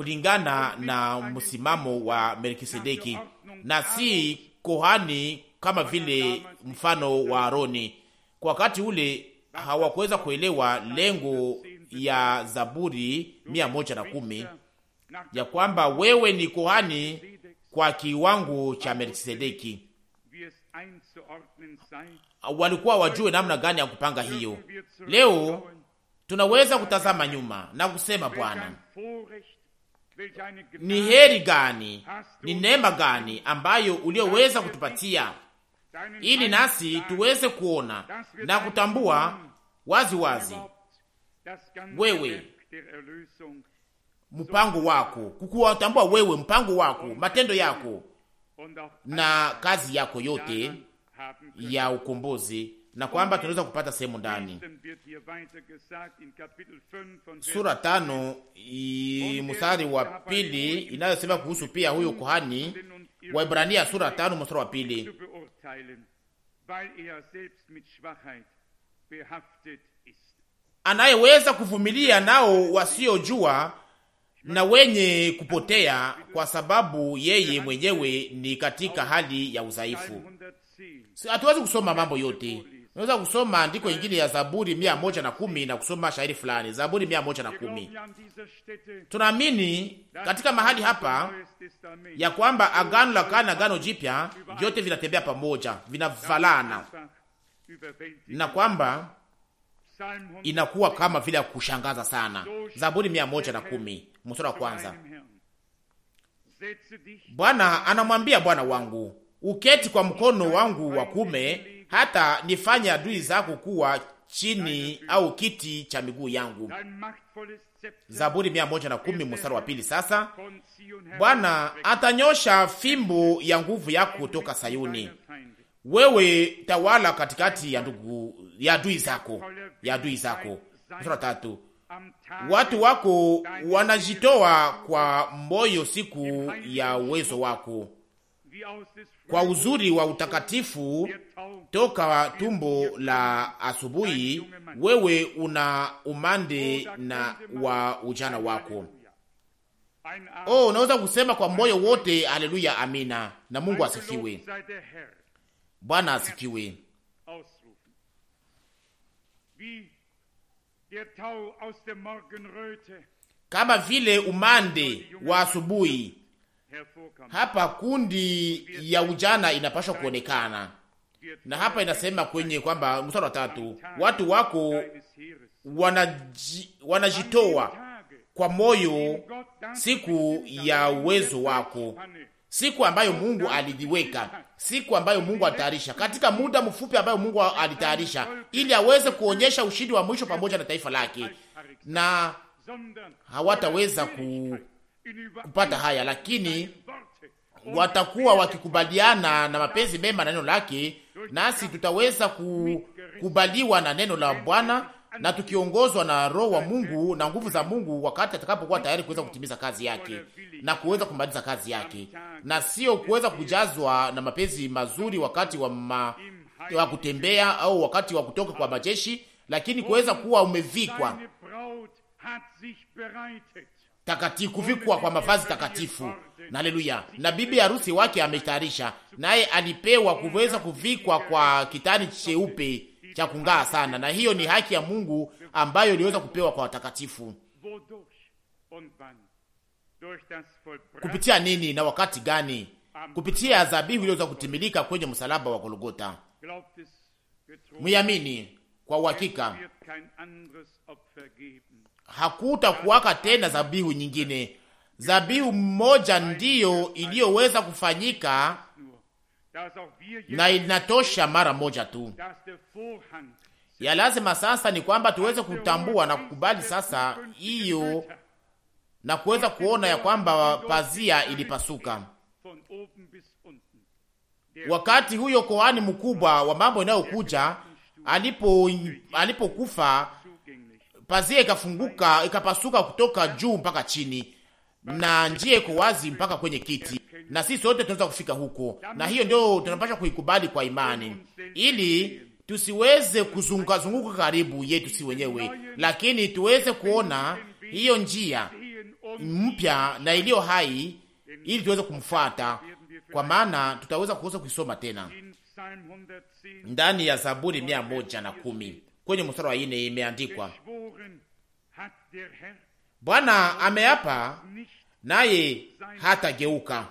kulingana na msimamo wa Melkisedeki na si kohani kama vile mfano wa Aroni. Kwa wakati ule hawakuweza kuelewa lengo ya Zaburi mia moja na kumi ya kwamba wewe ni kohani kwa kiwango cha Melkisedeki. Walikuwa wajue namna gani ya kupanga hiyo. Leo tunaweza kutazama nyuma na kusema Bwana, ni heri gani, ni neema gani ambayo ulioweza kutupatia
ili nasi tuweze kuona
na kutambua wazi wazi wewe mpango wako, kukuwatambua wewe mpango wako, matendo yako na kazi yako yote ya ukombozi na kwamba tunaweza kupata sehemu ndani. Sura er tano mstari wa pili inayosema kuhusu pia huyo kuhani wa Ibrania, sura tano mstari wa pili anayeweza kuvumilia nao wasiojua na wenye kupotea, kwa sababu yeye mwenyewe ni katika hali ya udhaifu. Hatuwezi kusoma mambo yote Unaweza kusoma andiko ingine ya Zaburi mia moja na kumi na kusoma shairi fulani. Zaburi mia moja na kumi. Tunaamini katika mahali hapa ya kwamba agano la kale na agano jipya vyote vinatembea pamoja, vinavalana na kwamba inakuwa kama vile ya kushangaza sana. Zaburi mia moja na kumi mstari wa kwanza. Bwana anamwambia Bwana wangu, uketi kwa mkono wangu wa kume hata nifanya adui zako kuwa chini au kiti cha miguu yangu. Zaburi mia moja na kumi mstari wa pili. Sasa Bwana atanyosha fimbo ya nguvu yako toka Sayuni, wewe tawala katikati ya ndugu ya adui zako ya adui zako. Mstari wa tatu, watu wako wanajitoa kwa moyo siku ya uwezo wako, kwa uzuri wa utakatifu toka tumbo la asubuhi, wewe una umande na wa ujana wako. Oh, unaweza kusema kwa moyo wote haleluya, amina, na Mungu asifiwe, Bwana asifiwe. Kama vile umande wa asubuhi, hapa kundi ya ujana inapashwa kuonekana na hapa inasema kwenye kwamba mstari wa tatu, watu wako wanajitoa kwa moyo siku ya uwezo wako, siku ambayo Mungu alijiweka, siku ambayo Mungu alitayarisha, katika muda mfupi ambayo Mungu alitayarisha, ili aweze kuonyesha ushindi wa mwisho pamoja na taifa lake, na hawataweza ku, kupata haya, lakini watakuwa wakikubaliana na mapenzi mema na neno lake nasi tutaweza kukubaliwa na neno la Bwana na tukiongozwa na Roho wa Mungu na nguvu za Mungu, wakati atakapokuwa tayari kuweza kutimiza kazi yake na kuweza kumaliza kazi yake, na sio kuweza kujazwa na mapenzi mazuri wakati wa, ma, wa kutembea au wakati wa kutoka kwa majeshi, lakini kuweza kuwa umevikwa takatifu, kuvikwa kwa mavazi takatifu. Haleluya! Na bibi harusi wake ametayarisha, naye alipewa kuweza kuvikwa kwa kitani cheupe cha kung'aa sana, na hiyo ni haki ya Mungu ambayo iliweza kupewa kwa watakatifu. Kupitia nini na wakati gani? Kupitia dhabihu iliyoweza kutimilika kwenye msalaba wa Golgota.
Mwiamini
kwa uhakika hakutakuwaka tena zabihu nyingine. Zabihu mmoja ndiyo iliyoweza kufanyika na inatosha mara moja tu. Ya lazima sasa ni kwamba tuweze kutambua na kukubali sasa hiyo na kuweza kuona ya kwamba pazia ilipasuka wakati huyo kohani mkubwa wa mambo inayokuja alipo alipokufa pazia ikafunguka ikapasuka kutoka juu mpaka chini, na njia iko wazi mpaka kwenye kiti, na sisi wote tunaweza kufika huko, na hiyo ndio tunapaswa kuikubali kwa imani, ili tusiweze kuzunguka zunguka karibu yetu si wenyewe, lakini tuweze kuona hiyo njia mpya na iliyo hai, ili tuweze kumfuata, kwa maana tutaweza kuweza kuisoma tena ndani ya Zaburi mia moja na kumi kwenye mstari wa ine imeandikwa, Bwana ameapa naye hatageuka.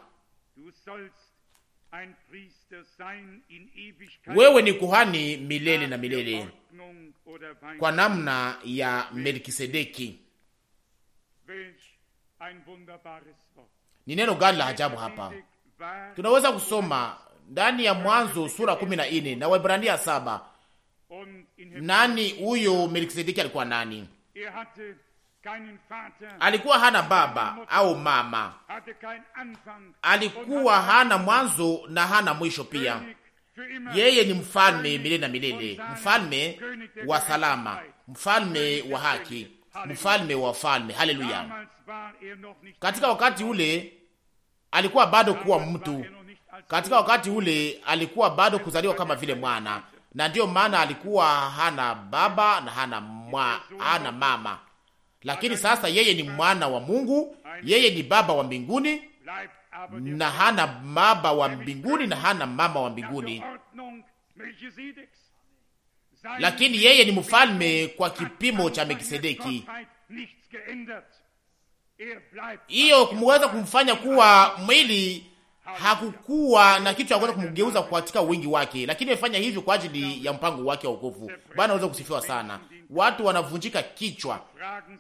Wewe ni kuhani milele na milele kwa namna ya Melkisedeki. Ni neno gani la ajabu hapa! Tunaweza kusoma ndani ya Mwanzo sura kumi na nne na Waebrania saba nani huyo Melkisedeki? Alikuwa nani?
Uh, alikuwa
hana baba au mama, alikuwa hana mwanzo na hana mwisho pia. Yeye ni mfalme milele na milele, mfalme wa salama, mfalme wa haki, mfalme wa falme. Haleluya!
Er katika
wakati ule alikuwa bado kuwa mtu, er katika wakati ule alikuwa bado kuzaliwa kama vile mwana, na ndiyo maana alikuwa hana baba na hana, mwa, hana mama, lakini sasa yeye ni mwana wa Mungu, yeye ni baba wa mbinguni na hana baba wa mbinguni na hana mama wa mbinguni,
lakini yeye ni
mfalme kwa kipimo cha Melkisedeki. Hiyo kumweza kumfanya kuwa mwili hakukuwa na kitu cha kuweza kumgeuza katika wingi wake, lakini amefanya hivyo kwa ajili ya mpango wake wa wokovu. Bwana anaweza kusifiwa sana. Watu wanavunjika kichwa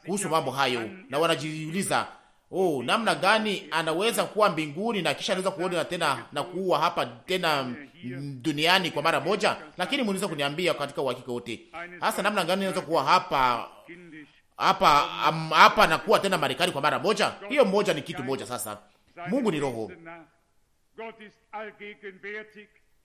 kuhusu mambo hayo na wanajiuliza oh, namna gani anaweza kuwa mbinguni na kisha anaweza kuona tena na kuwa hapa tena duniani kwa mara moja. Lakini mnaweza kuniambia katika uhakika wote, hasa namna gani anaweza kuwa hapa hapa hapa na kuwa tena Marekani kwa mara moja? Hiyo moja ni kitu moja. Sasa Mungu ni roho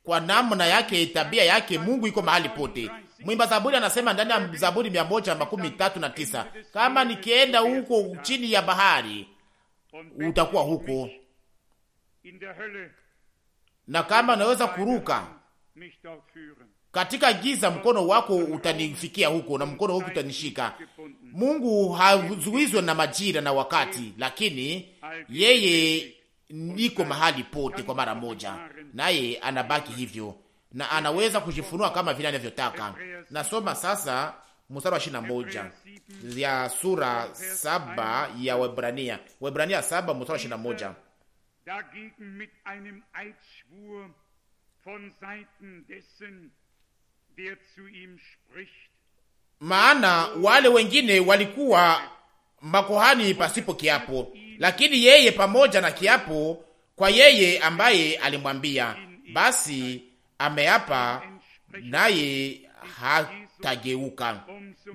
kwa namna yake, tabia yake, Mungu iko mahali pote. Mwimba Zaburi anasema ndani ya Zaburi mia moja makumi tatu na tisa kama nikienda huko chini ya bahari, utakuwa huko, na kama naweza kuruka katika giza, mkono wako utanifikia huko na mkono wako utanishika. Mungu hazuizwe na majira na wakati, lakini yeye niko mahali pote kwa mara moja, naye anabaki hivyo na anaweza kujifunua kama vile anavyotaka. Nasoma sasa mstari wa ishirini na moja ya sura saba ya Waebrania, Waebrania saba mstari wa ishirini na moja maana wale wengine walikuwa makohani pasipo kiapo, lakini yeye pamoja na kiapo kwa yeye ambaye alimwambia, basi ameapa naye hatageuka.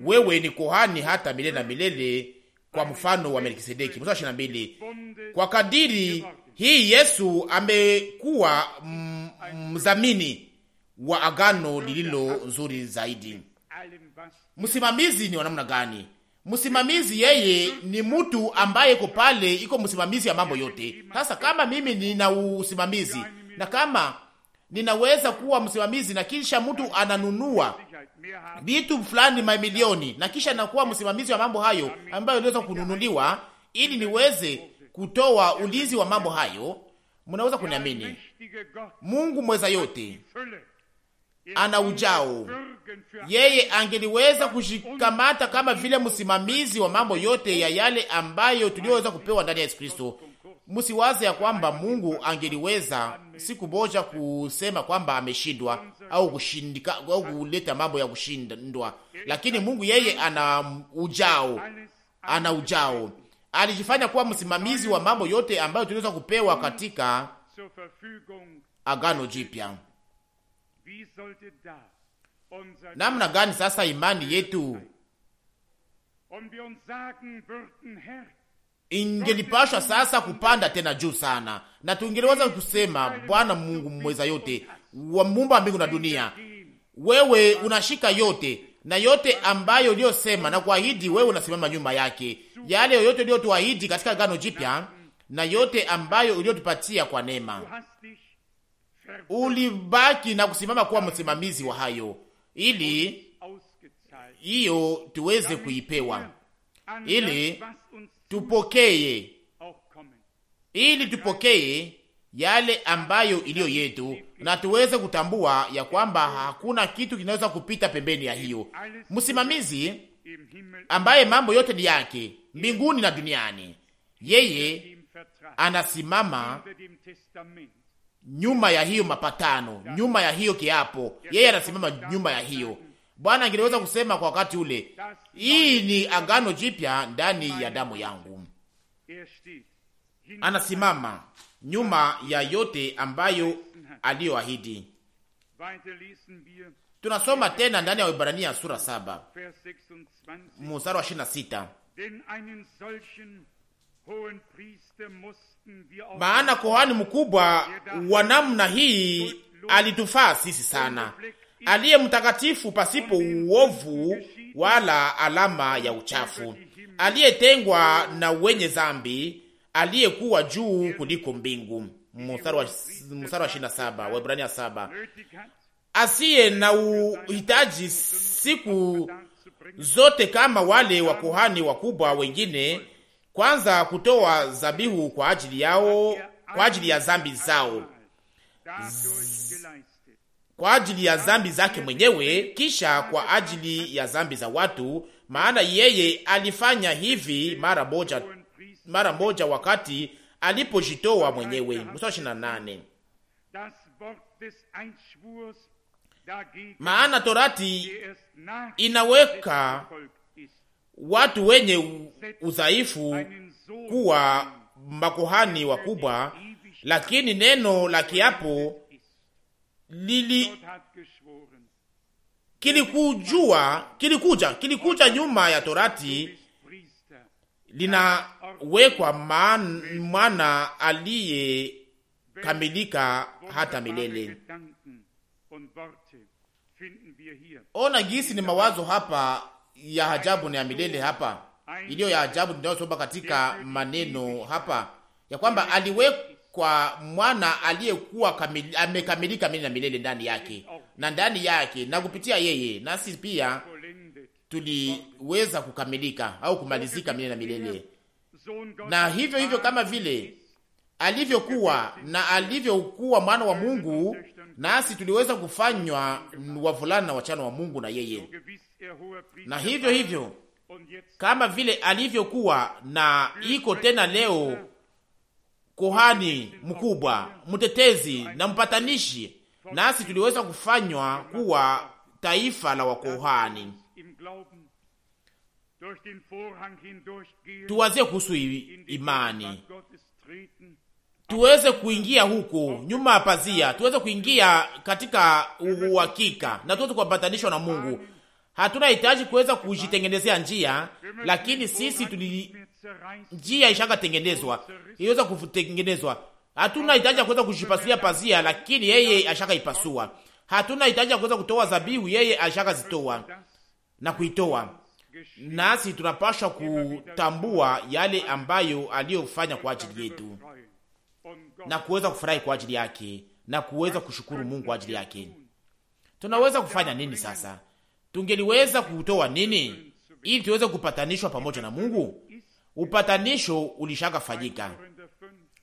Wewe ni kohani hata milele na milele, kwa mfano wa Melkisedeki. Mstari na mbili. kwa kadiri hii Yesu amekuwa mzamini wa agano lililo nzuri zaidi. Msimamizi ni wa namna gani? msimamizi yeye ni mtu ambaye iko pale, iko msimamizi ya mambo yote. Sasa kama mimi nina usimamizi na kama ninaweza kuwa msimamizi na kisha mtu ananunua vitu fulani mamilioni, na kisha nakuwa msimamizi wa mambo hayo ambayo inaweza kununuliwa, ili niweze kutoa ulinzi wa mambo hayo, mnaweza kuniamini. Mungu mweza yote
ana ujao.
Yeye angeliweza kushikamata kama vile msimamizi wa mambo yote ya yale ambayo tuliyoweza kupewa ndani ya Yesu Kristo. Msiwaze ya kwamba Mungu angeliweza siku moja kusema kwamba ameshindwa au kushindika au kuleta mambo ya kushindwa, lakini Mungu yeye ana ujao, ana ujao. Alijifanya kuwa msimamizi wa mambo yote ambayo tuliweza kupewa katika Agano Jipya. Namna gani sasa imani yetu ingelipashwa sasa kupanda tena juu sana, na tungeliweza kusema Bwana Mungu mweza yote, wa mumba wa mbingu na dunia, wewe unashika yote na yote ambayo uliyosema na kuahidi, wewe unasimama nyuma yake. Yale yoyote uliyotuahidi katika gano Jipya na yote ambayo uliyotupatia kwa neema ulibaki na kusimama kuwa msimamizi wa hayo, ili hiyo tuweze kuipewa, ili tupokee, ili tupokee yale ambayo iliyo yetu na tuweze kutambua ya kwamba hakuna kitu kinaweza kupita pembeni ya hiyo. Msimamizi ambaye mambo yote ni yake mbinguni na duniani, yeye anasimama nyuma ya hiyo mapatano, nyuma ya hiyo kiapo, yeye anasimama nyuma ya hiyo. Bwana angeweza kusema kwa wakati ule, hii ni agano jipya ndani ya damu yangu. Anasimama nyuma ya yote ambayo aliyoahidi. Tunasoma tena ndani ya Waebrania sura saba mstari wa ishirini na sita maana kohani mkubwa wa namna hii alitufaa sisi sana, aliye mtakatifu pasipo uovu wala alama ya uchafu, aliyetengwa na wenye zambi, aliyekuwa juu kuliko mbingu. Mstari wa Waebrania 7, asiye na uhitaji siku zote kama wale wakohani wakubwa wengine kwanza kutoa zabihu kwa ajili yao, kwa ajili ya zambi zao, kwa ajili ya zambi zake mwenyewe, kisha kwa ajili ya zambi za watu, maana yeye alifanya hivi mara moja, mara moja wakati alipojitoa mwenyewe. Mstari nane.
Maana torati inaweka
watu wenye udhaifu kuwa makuhani wakubwa, lakini neno la kiapo lili kilikujua kilikuja kilikuja nyuma ya Torati, linawekwa mwana aliyekamilika hata milele. Ona gisi ni mawazo hapa ya ajabu na ya milele hapa, iliyo ya ajabu ninayosoma katika maneno hapa ya kwamba aliwekwa mwana aliyekuwa amekamilika milele na milele ndani yake na ndani yake na kupitia yeye, nasi pia tuliweza kukamilika au kumalizika milele na milele. Na hivyo hivyo kama vile alivyokuwa na alivyokuwa mwana wa Mungu, nasi tuliweza kufanywa wavulana na wachana wa Mungu na yeye Er na hivyo hivyo kama vile alivyokuwa na iko tena leo kohani mkubwa, mtetezi na mpatanishi, nasi tuliweza kufanywa kuwa taifa la wakohani.
Tuwazie kuhusu
imani, tuweze kuingia huku nyuma ya pazia, tuweze kuingia katika uhakika na tuweze kuwapatanishwa na Mungu hatuna hitaji kuweza kujitengenezea njia, lakini sisi tuli njia ishakatengenezwa, iweza kutengenezwa. Hatuna hitaji ya kuweza kujipasulia pazia, lakini yeye ashakaipasua. Hatuna hitaji ya kuweza kutoa zabihu, yeye ashakazitoa na kuitoa. Nasi tunapaswa kutambua yale ambayo aliyofanya kwa ajili yetu na kuweza kufurahi kwa ajili yake na kuweza kushukuru Mungu kwa ajili yake. Tunaweza kufanya nini sasa? tungeliweza kutoa nini ili tuweze kupatanishwa pamoja na Mungu? Upatanisho ulishakafanyika.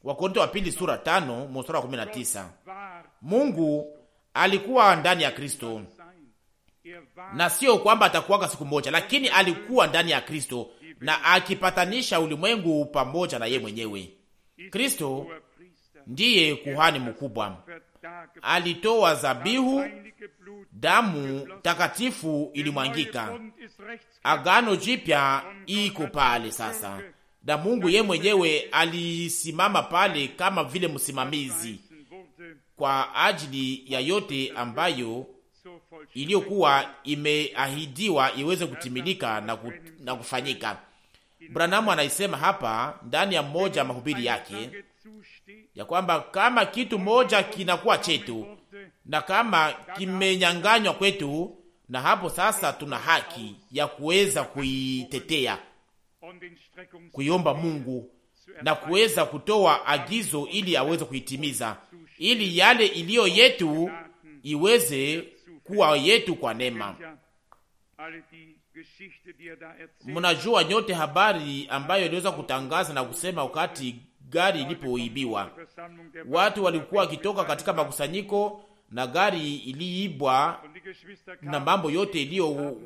Wakorintho wa pili sura tano mstari wa kumi na tisa. Mungu alikuwa ndani ya Kristo, na sio kwamba atakuwaka siku moja, lakini alikuwa ndani ya Kristo na akipatanisha ulimwengu pamoja na ye mwenyewe. Kristo ndiye kuhani mkubwa alitoa zabihu, damu takatifu ilimwangika. Agano jipya iko pale sasa, na Mungu ye mwenyewe alisimama pale kama vile msimamizi kwa ajili ya yote ambayo iliyokuwa imeahidiwa iweze kutimilika na, ku, na kufanyika. Branamu anaisema hapa ndani ya mmoja mahubiri yake ya kwamba kama kitu moja kinakuwa chetu na kama kimenyanganywa kwetu, na hapo sasa tuna haki ya kuweza kuitetea, kuiomba Mungu na kuweza kutoa agizo ili aweze kuitimiza, ili yale iliyo yetu iweze kuwa yetu kwa neema. munajua nyote habari ambayo iliweza kutangaza na kusema wakati gari ilipoibiwa. Watu walikuwa wakitoka katika makusanyiko na gari iliibwa na mambo yote iliyo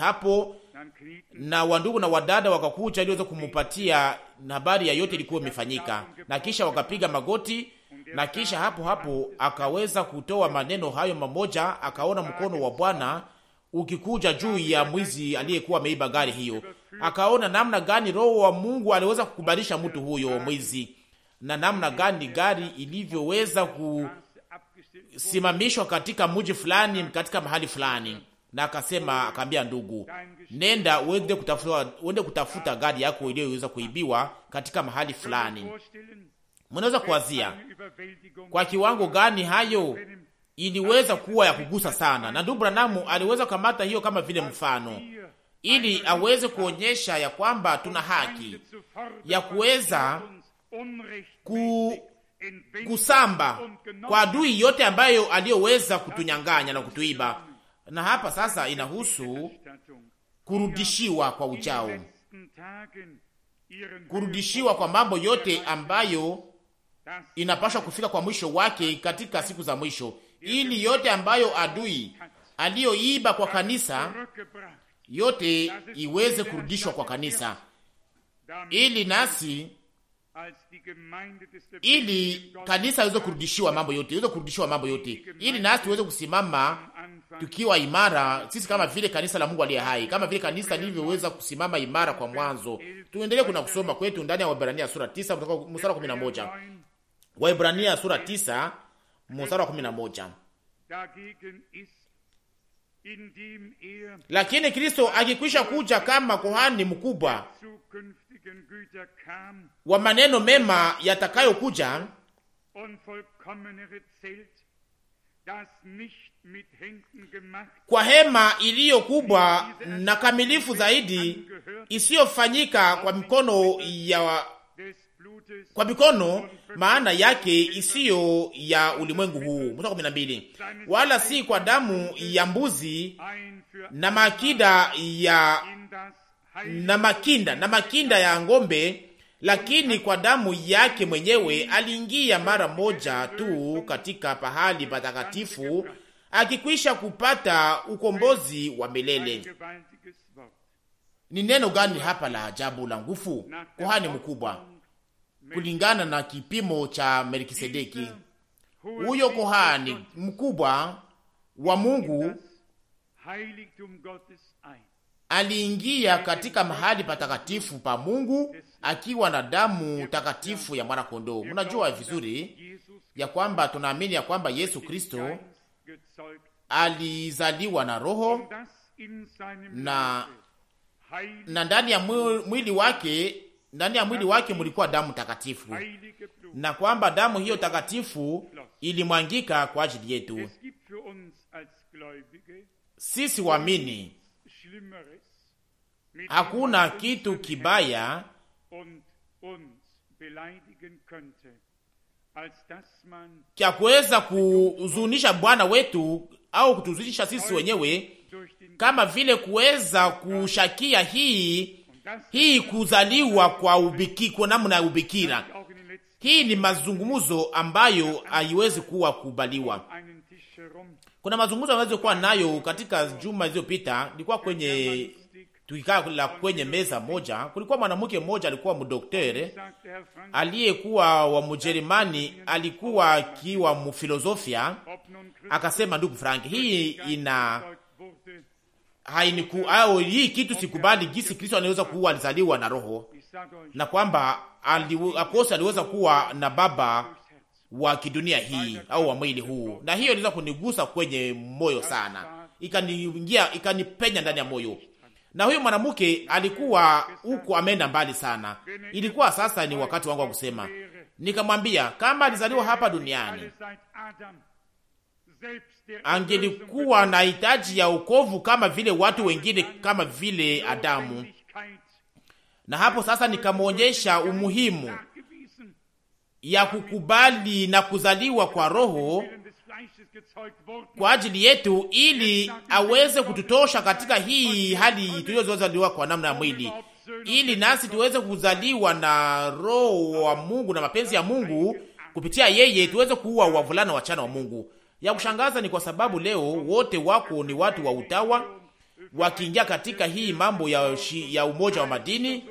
hapo, na wandugu na wadada wakakucha iliweza kumupatia habari ya yote ilikuwa imefanyika, na kisha wakapiga magoti, na kisha hapo hapo akaweza kutoa maneno hayo mamoja, akaona mkono wa Bwana ukikuja juu ya mwizi aliyekuwa ameiba gari hiyo. Akaona namna gani roho wa Mungu aliweza kukubalisha mtu huyo mwizi na namna gani gari ilivyoweza kusimamishwa katika mji fulani, katika mahali fulani. Na akasema, akaambia ndugu, nenda uende kutafuta, uende kutafuta gari yako iliyoweza kuibiwa katika mahali fulani. Mnaweza kuwazia kwa kiwango gani hayo iliweza kuwa ya kugusa sana, na ndugu Branamu aliweza kukamata hiyo kama vile mfano, ili aweze kuonyesha ya kwamba tuna haki ya kuweza ku kusamba kwa adui yote ambayo aliyoweza kutunyang'anya na kutuiba. Na hapa sasa inahusu kurudishiwa kwa ujao, kurudishiwa kwa mambo yote ambayo inapaswa kufika kwa mwisho wake katika siku za mwisho ili yote ambayo adui aliyoiba kwa kanisa yote iweze kurudishwa kwa kanisa, ili nasi ili kanisa iweze kurudishiwa mambo yote, iweze kurudishiwa mambo yote, ili nasi tuweze kusimama tukiwa imara, sisi kama vile kanisa la Mungu aliye hai, kama vile kanisa lilivyoweza kusimama imara kwa mwanzo. Tuendelee kuna kusoma kwetu ndani ya Waebrania sura 9 mstari wa 11, Waebrania sura 9 mstari wa kumi na moja. Er Lakini Kristo akikwisha kuja kama kuhani mkubwa wa maneno mema yatakayokuja kwa hema iliyo kubwa na kamilifu zaidi isiyofanyika kwa mikono ya kwa mikono, maana yake isiyo ya ulimwengu huu. Mstari kumi na mbili, wala si kwa damu ya mbuzi na makinda ya na makinda na makinda ya ng'ombe, lakini kwa damu yake mwenyewe aliingia mara moja tu katika pahali patakatifu, akikwisha kupata ukombozi wa milele. Ni neno gani hapa la ajabu la nguvu! Kuhani mkubwa kulingana na kipimo cha Melkisedeki. Huyo kohani mkubwa wa Mungu aliingia katika mahali patakatifu pa Mungu akiwa na damu takatifu ya mwana kondoo. Mnajua vizuri ya kwamba tunaamini ya kwamba Yesu Kristo alizaliwa na Roho na na ndani ya mwili wake ndani ya mwili wake mulikuwa damu takatifu, na kwamba damu hiyo takatifu ilimwangika kwa ajili yetu sisi waamini.
Hakuna kitu
kibaya kya kuweza kuzunisha Bwana wetu au kutuzunisha sisi wenyewe, kama vile kuweza kushakia hii hii kuzaliwa kwa ubiki, kwa namna ya ubikira. Hii ni mazungumzo ambayo haiwezi kuwa kubaliwa. Kuna mazungumzo ambayo kuwa nayo katika juma iliyopita, nilikuwa kwenye tukikaa la kwenye meza moja, kulikuwa mwanamke mmoja alikuwa mdoktore aliyekuwa wa Mjerumani, alikuwa akiwa mfilosofia. Akasema, ndugu Frank, hii ina hainiku au hii kitu sikubali gisi Kristo anaweza kuwa alizaliwa na Roho na kwamba akosi aliweza kuwa na baba wa kidunia hii au wa mwili huu, na hiyo iliweza kunigusa kwenye moyo sana, ikaniingia ikanipenya ndani ya moyo. Na huyo mwanamke alikuwa huko ameenda mbali sana. Ilikuwa sasa ni wakati wangu wa kusema, nikamwambia kama alizaliwa hapa duniani angelikuwa na hitaji ya ukovu kama vile watu wengine, kama vile Adamu. Na hapo sasa nikamwonyesha umuhimu ya kukubali na kuzaliwa kwa Roho kwa ajili yetu, ili aweze kututosha katika hii hali tuliyozaliwa kwa namna ya mwili, ili nasi tuweze kuzaliwa na Roho wa Mungu na mapenzi ya Mungu kupitia yeye, tuweze kuua wavulana wachana wa Mungu. Ya kushangaza ni kwa sababu leo wote wako ni watu wa utawa wakiingia katika hii mambo ya, ya umoja wa madini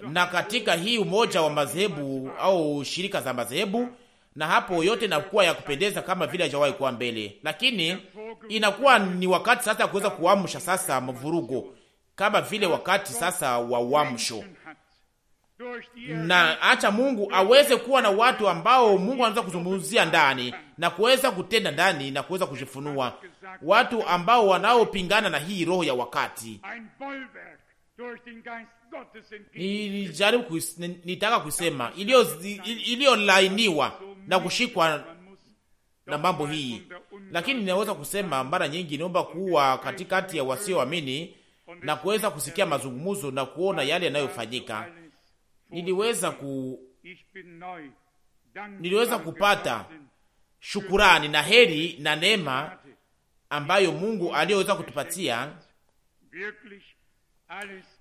na katika hii umoja wa madhehebu au shirika za madhehebu, na hapo yote inakuwa ya kupendeza kama vile hajawahi kuwa mbele, lakini inakuwa ni wakati sasa ya kuweza kuamsha sasa mvurugo, kama vile wakati sasa wa uamsho na acha Mungu aweze kuwa na watu ambao Mungu anaweza kuzungumzia ndani na kuweza kutenda ndani na kuweza kujifunua, watu ambao wanaopingana na hii roho ya wakati. nijaribu kus, nitaka kusema iliyolainiwa na kushikwa na mambo hii, lakini ninaweza kusema mara nyingi, niomba kuwa katikati ya wasioamini wa na kuweza kusikia mazungumzo na kuona yale yanayofanyika niliweza ku niliweza kupata shukurani na heri na neema ambayo Mungu aliyoweza kutupatia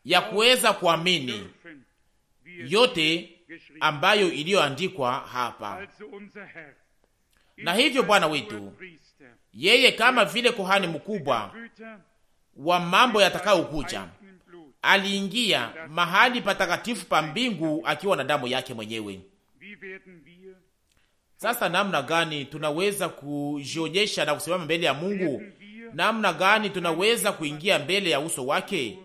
ya kuweza kuamini yote ambayo iliyoandikwa hapa. Na hivyo Bwana wetu yeye kama vile kuhani mkubwa wa mambo yatakayokuja aliingia mahali patakatifu pa mbingu akiwa na damu yake mwenyewe. Sasa namna gani tunaweza kujionyesha na kusimama mbele ya Mungu? Namna gani tunaweza kuingia mbele ya uso wake?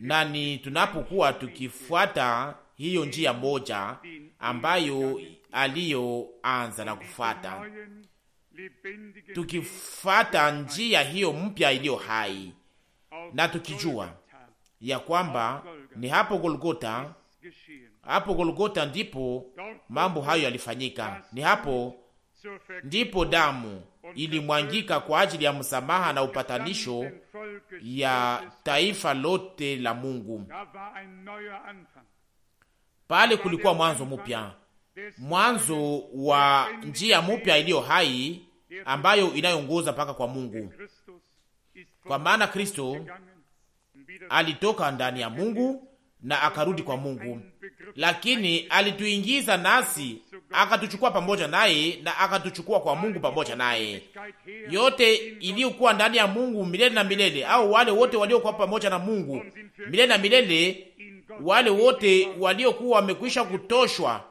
Na ni tunapokuwa tukifuata hiyo njia moja ambayo aliyoanza na kufuata, tukifuata njia hiyo mpya iliyo hai na tukijua ya kwamba ni hapo Golgota, hapo Golgota ndipo mambo hayo yalifanyika, ni hapo ndipo damu ilimwangika kwa ajili ya msamaha na upatanisho ya taifa lote la Mungu. Pale kulikuwa mwanzo mpya, mwanzo wa njia mpya iliyo hai ambayo inayongoza mpaka kwa Mungu, kwa maana Kristo alitoka ndani ya Mungu na akarudi kwa Mungu, lakini alituingiza nasi akatuchukua pamoja naye na akatuchukua kwa Mungu pamoja naye. Yote iliyokuwa ndani ya Mungu milele na milele, au wale wote waliokuwa pamoja na Mungu milele na milele, wale wote waliokuwa wamekwisha kutoshwa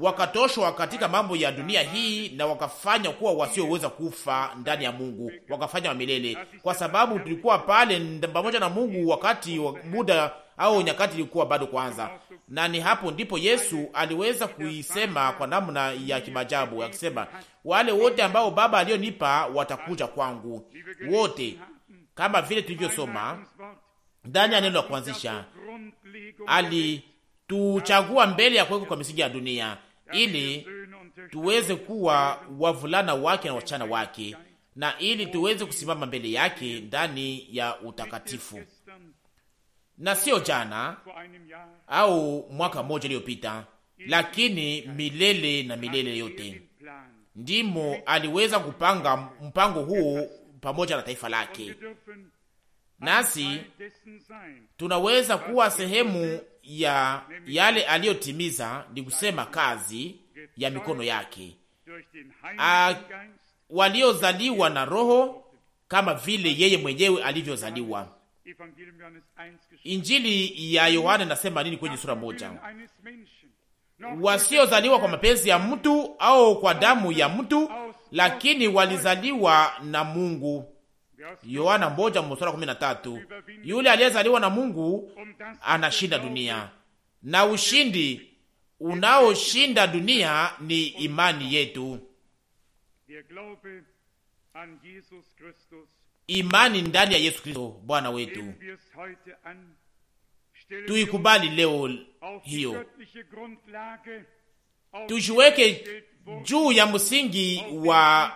wakatoshwa katika mambo ya dunia hii na wakafanya kuwa wasioweza kufa ndani ya Mungu, wakafanya wa milele, kwa sababu tulikuwa pale pamoja na Mungu wakati wa muda au nyakati ilikuwa bado kwanza. Na ni hapo ndipo Yesu aliweza kuisema kwa namna ya kimajabu akisema, wale wote ambao Baba alionipa watakuja kwangu wote, kama vile tulivyosoma ndani ya neno la kuanzisha, alituchagua mbele ya kuwekwa kwa misingi ya dunia ili tuweze kuwa wavulana wake na wasichana wake, na ili tuweze kusimama mbele yake ndani ya utakatifu, na sio jana au mwaka mmoja iliyopita, lakini milele na milele yote. Ndimo aliweza kupanga mpango huu pamoja na taifa lake, nasi tunaweza kuwa sehemu ya yale aliyotimiza ni kusema kazi ya mikono yake. A, ah, waliozaliwa na Roho kama vile yeye mwenyewe alivyozaliwa. Injili ya Yohana inasema nini kwenye sura moja? Wasiozaliwa kwa mapenzi ya mtu au kwa damu ya mtu, lakini walizaliwa na Mungu Yohana moja mstari kumi na tatu. Yule aliyezaliwa na Mungu anashinda dunia, na ushindi unaoshinda dunia ni imani yetu, imani ndani ya Yesu Kristo Bwana wetu.
Tuikubali leo hiyo,
tujiweke juu ya msingi wa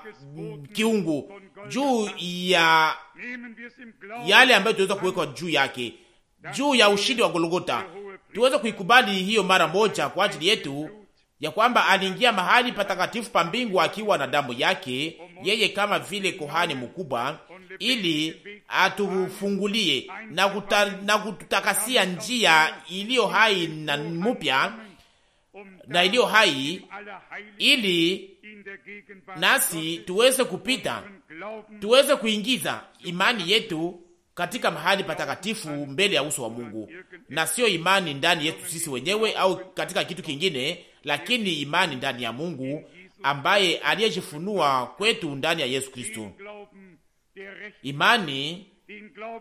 kiungu juu ya yale ambayo tuweza kuwekwa juu yake, juu ya ushindi wa Golgota. Tuweze kuikubali hiyo mara moja kwa ajili yetu, ya kwamba aliingia mahali patakatifu pa mbingu akiwa na damu yake, yeye kama vile kohani mkubwa, ili atufungulie na, kuta, na kututakasia njia iliyo hai na mupya na iliyo hai, ili nasi tuweze kupita tuweze kuingiza imani yetu katika mahali patakatifu mbele ya uso wa Mungu, na sio imani ndani yetu sisi wenyewe au katika kitu kingine, lakini imani ndani ya Mungu ambaye aliyejifunua kwetu ndani ya Yesu Kristo, imani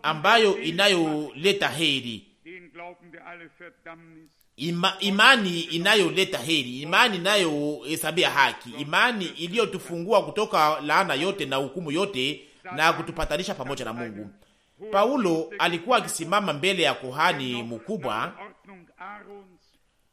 ambayo inayoleta heri, Ima, imani inayoleta heri, imani inayohesabia haki, imani iliyotufungua kutoka laana yote na hukumu yote na kutupatanisha pamoja na Mungu. Paulo alikuwa akisimama mbele ya kuhani mkubwa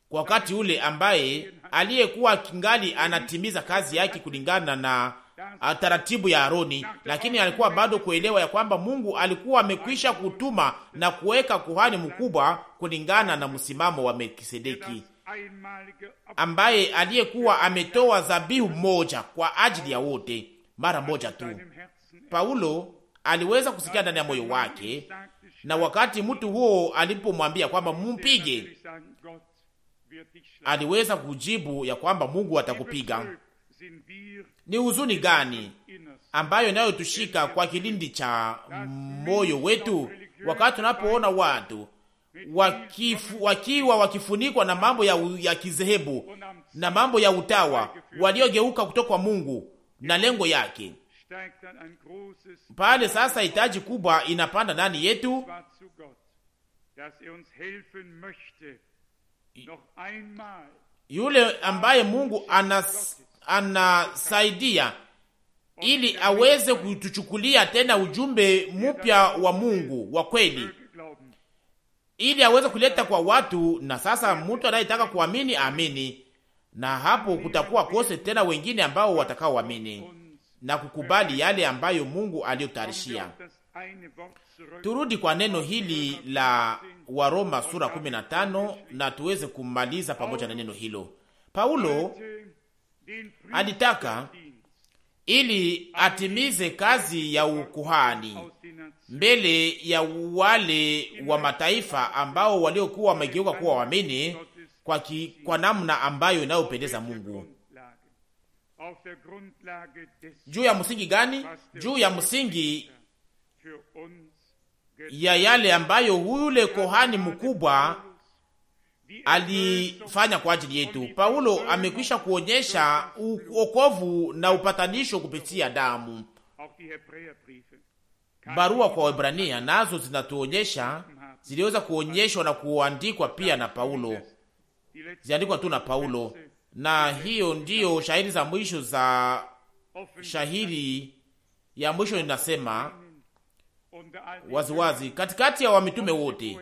kwa wakati ule, ambaye aliyekuwa kingali anatimiza kazi yake kulingana na Ah, taratibu ya Aroni, lakini alikuwa bado kuelewa ya kwamba Mungu alikuwa amekwisha kutuma na kuweka kuhani mkubwa kulingana na msimamo wa Melkisedeki, ambaye aliyekuwa ametoa zabihu moja kwa ajili ya wote mara moja tu. Paulo aliweza kusikia ndani ya moyo wake, na wakati mtu huo alipomwambia kwamba mumpige, aliweza kujibu ya kwamba Mungu atakupiga. Ni huzuni gani ambayo inayotushika kwa kilindi cha moyo wetu wakati tunapoona watu wakifu, wakiwa wakifunikwa na mambo ya, ya kizehebu na mambo ya utawa waliogeuka kutoka kwa Mungu na lengo yake
pale. Sasa hitaji kubwa inapanda ndani yetu
yule ambaye Mungu anas anasaidia ili aweze kutuchukulia tena ujumbe mpya wa Mungu wa kweli, ili aweze kuleta kwa watu. Na sasa mtu anayetaka kuamini amini, na hapo kutakuwa kose tena wengine ambao watakaoamini na kukubali yale ambayo Mungu aliyotayarishia. Turudi kwa neno hili la Waroma sura 15 na tuweze kumaliza pamoja na neno hilo. Paulo alitaka ili atimize kazi ya ukuhani mbele ya wale wa mataifa ambao waliokuwa wamegeuka kuwa waamini kwa, kwa namna ambayo inayopendeza Mungu. Juu ya msingi gani? Juu ya msingi
ya yale
ambayo yule kohani mkubwa alifanya kwa ajili yetu. Paulo amekwisha kuonyesha uokovu na upatanisho kupitia damu. Barua kwa Waebrania nazo zinatuonyesha, ziliweza kuonyeshwa na kuandikwa pia na Paulo, ziandikwa tu na Paulo, na hiyo ndiyo shahiri za mwisho za shahiri ya mwisho inasema waziwazi, katikati ya wamitume wote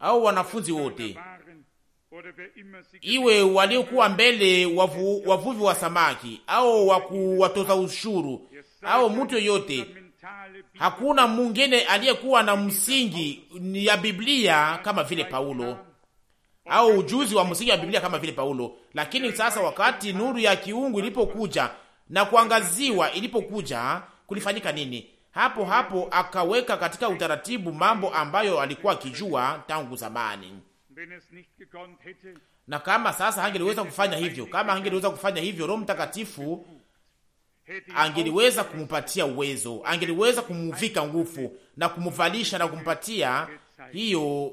au wanafunzi wote iwe waliokuwa mbele wavu, wavuvi wa samaki au wakuwatoza ushuru au mtu yoyote. Hakuna mwingine aliyekuwa na msingi ya Biblia kama vile Paulo au ujuzi wa msingi wa Biblia kama vile Paulo. Lakini sasa wakati nuru ya kiungu ilipokuja na kuangaziwa ilipokuja, kulifanyika nini? Hapo hapo akaweka katika utaratibu mambo ambayo alikuwa akijua tangu zamani. Na kama sasa hangeliweza kufanya hivyo, kama hangeliweza kufanya hivyo, Roho Mtakatifu angeliweza kumupatia uwezo, angeliweza kumuvika nguvu na kumuvalisha na kumpatia hiyo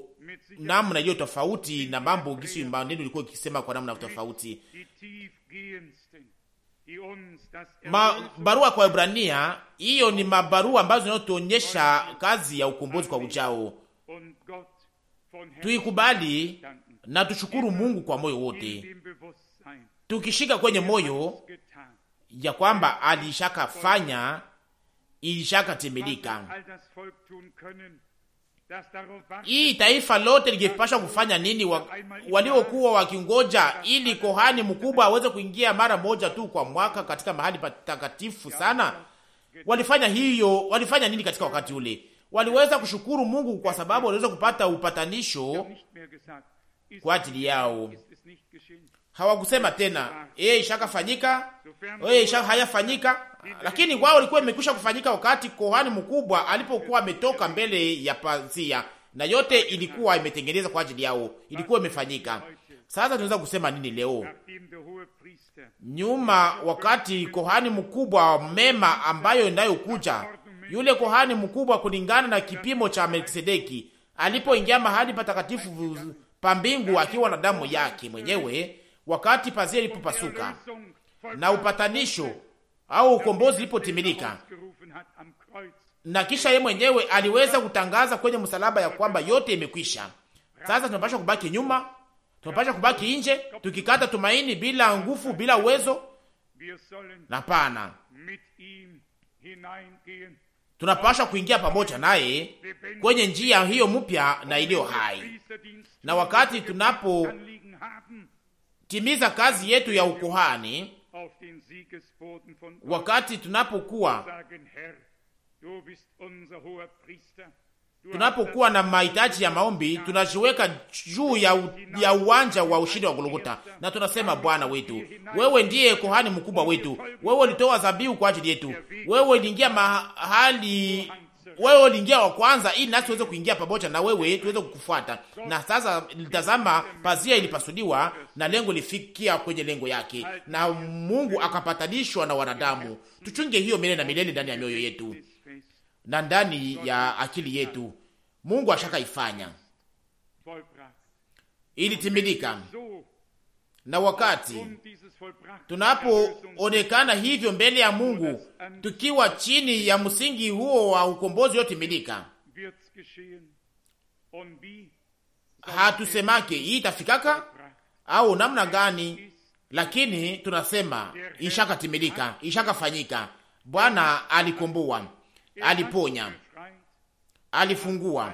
namna iliyo tofauti na mambo gisi maneno ilikuwa ikisema kwa namna tofauti. Ma, barua kwa Ibrania, hiyo ni mabarua ambazo inayotuonyesha kazi ya ukombozi kwa ujao tuikubali na tushukuru Mungu kwa moyo wote, tukishika kwenye moyo ya kwamba alishakafanya fanya Hii taifa lote lingepashwa kufanya nini? Wa, waliokuwa wakingoja ili kohani mkubwa aweze kuingia mara moja tu kwa mwaka katika mahali patakatifu sana, walifanya hiyo, walifanya nini katika wakati ule? waliweza kushukuru Mungu kwa sababu waliweza kupata upatanisho kwa ajili yao. Hawakusema tena eh, ishakafanyika eh, isha hayafanyika, lakini wao walikuwa imekwisha kufanyika wakati kohani mkubwa alipokuwa ametoka mbele ya pazia, na yote ilikuwa imetengeneza kwa ajili yao, ilikuwa imefanyika. Sasa tunaweza kusema nini leo? Nyuma wakati kohani mkubwa mema ambayo inayokuja yule kohani mkubwa kulingana na kipimo cha Melkisedeki alipoingia mahali patakatifu pa mbingu akiwa na damu yake mwenyewe, wakati pazia ilipopasuka na upatanisho au ukombozi ulipotimilika, na kisha yeye mwenyewe aliweza kutangaza kwenye msalaba ya kwamba yote imekwisha. Sasa tunapaswa kubaki nyuma, tunapaswa kubaki nje, tukikata tumaini, bila nguvu, bila uwezo? Hapana tunapasha kuingia pamoja naye kwenye njia hiyo mpya na iliyo hai, na wakati tunapotimiza kazi yetu ya ukuhani, wakati tunapokuwa tunapokuwa na mahitaji ya maombi, tunajiweka juu ya, ya uwanja wa ushindi wa Golgota na tunasema, Bwana wetu, wewe ndiye kohani mkubwa wetu, wewe ulitoa zabihu kwa ajili yetu, wewe uliingia mahali wewe uliingia wa kwanza ili nasi tuweze kuingia pamoja na wewe tuweze kukufuata. Na sasa litazama, pazia ilipasuliwa na lengo lifikia kwenye lengo yake, na Mungu akapatanishwa na wanadamu. Tuchunge hiyo milele na milele ndani ya mioyo yetu na ndani ya akili yetu. Mungu ashakaifanya ilitimilika, na wakati tunapoonekana hivyo mbele ya Mungu tukiwa chini ya msingi huo wa ukombozi uliotimilika, hatusemake hii itafikaka au namna gani, lakini tunasema ishakatimilika, ishakafanyika. Bwana alikomboa aliponya, alifungua,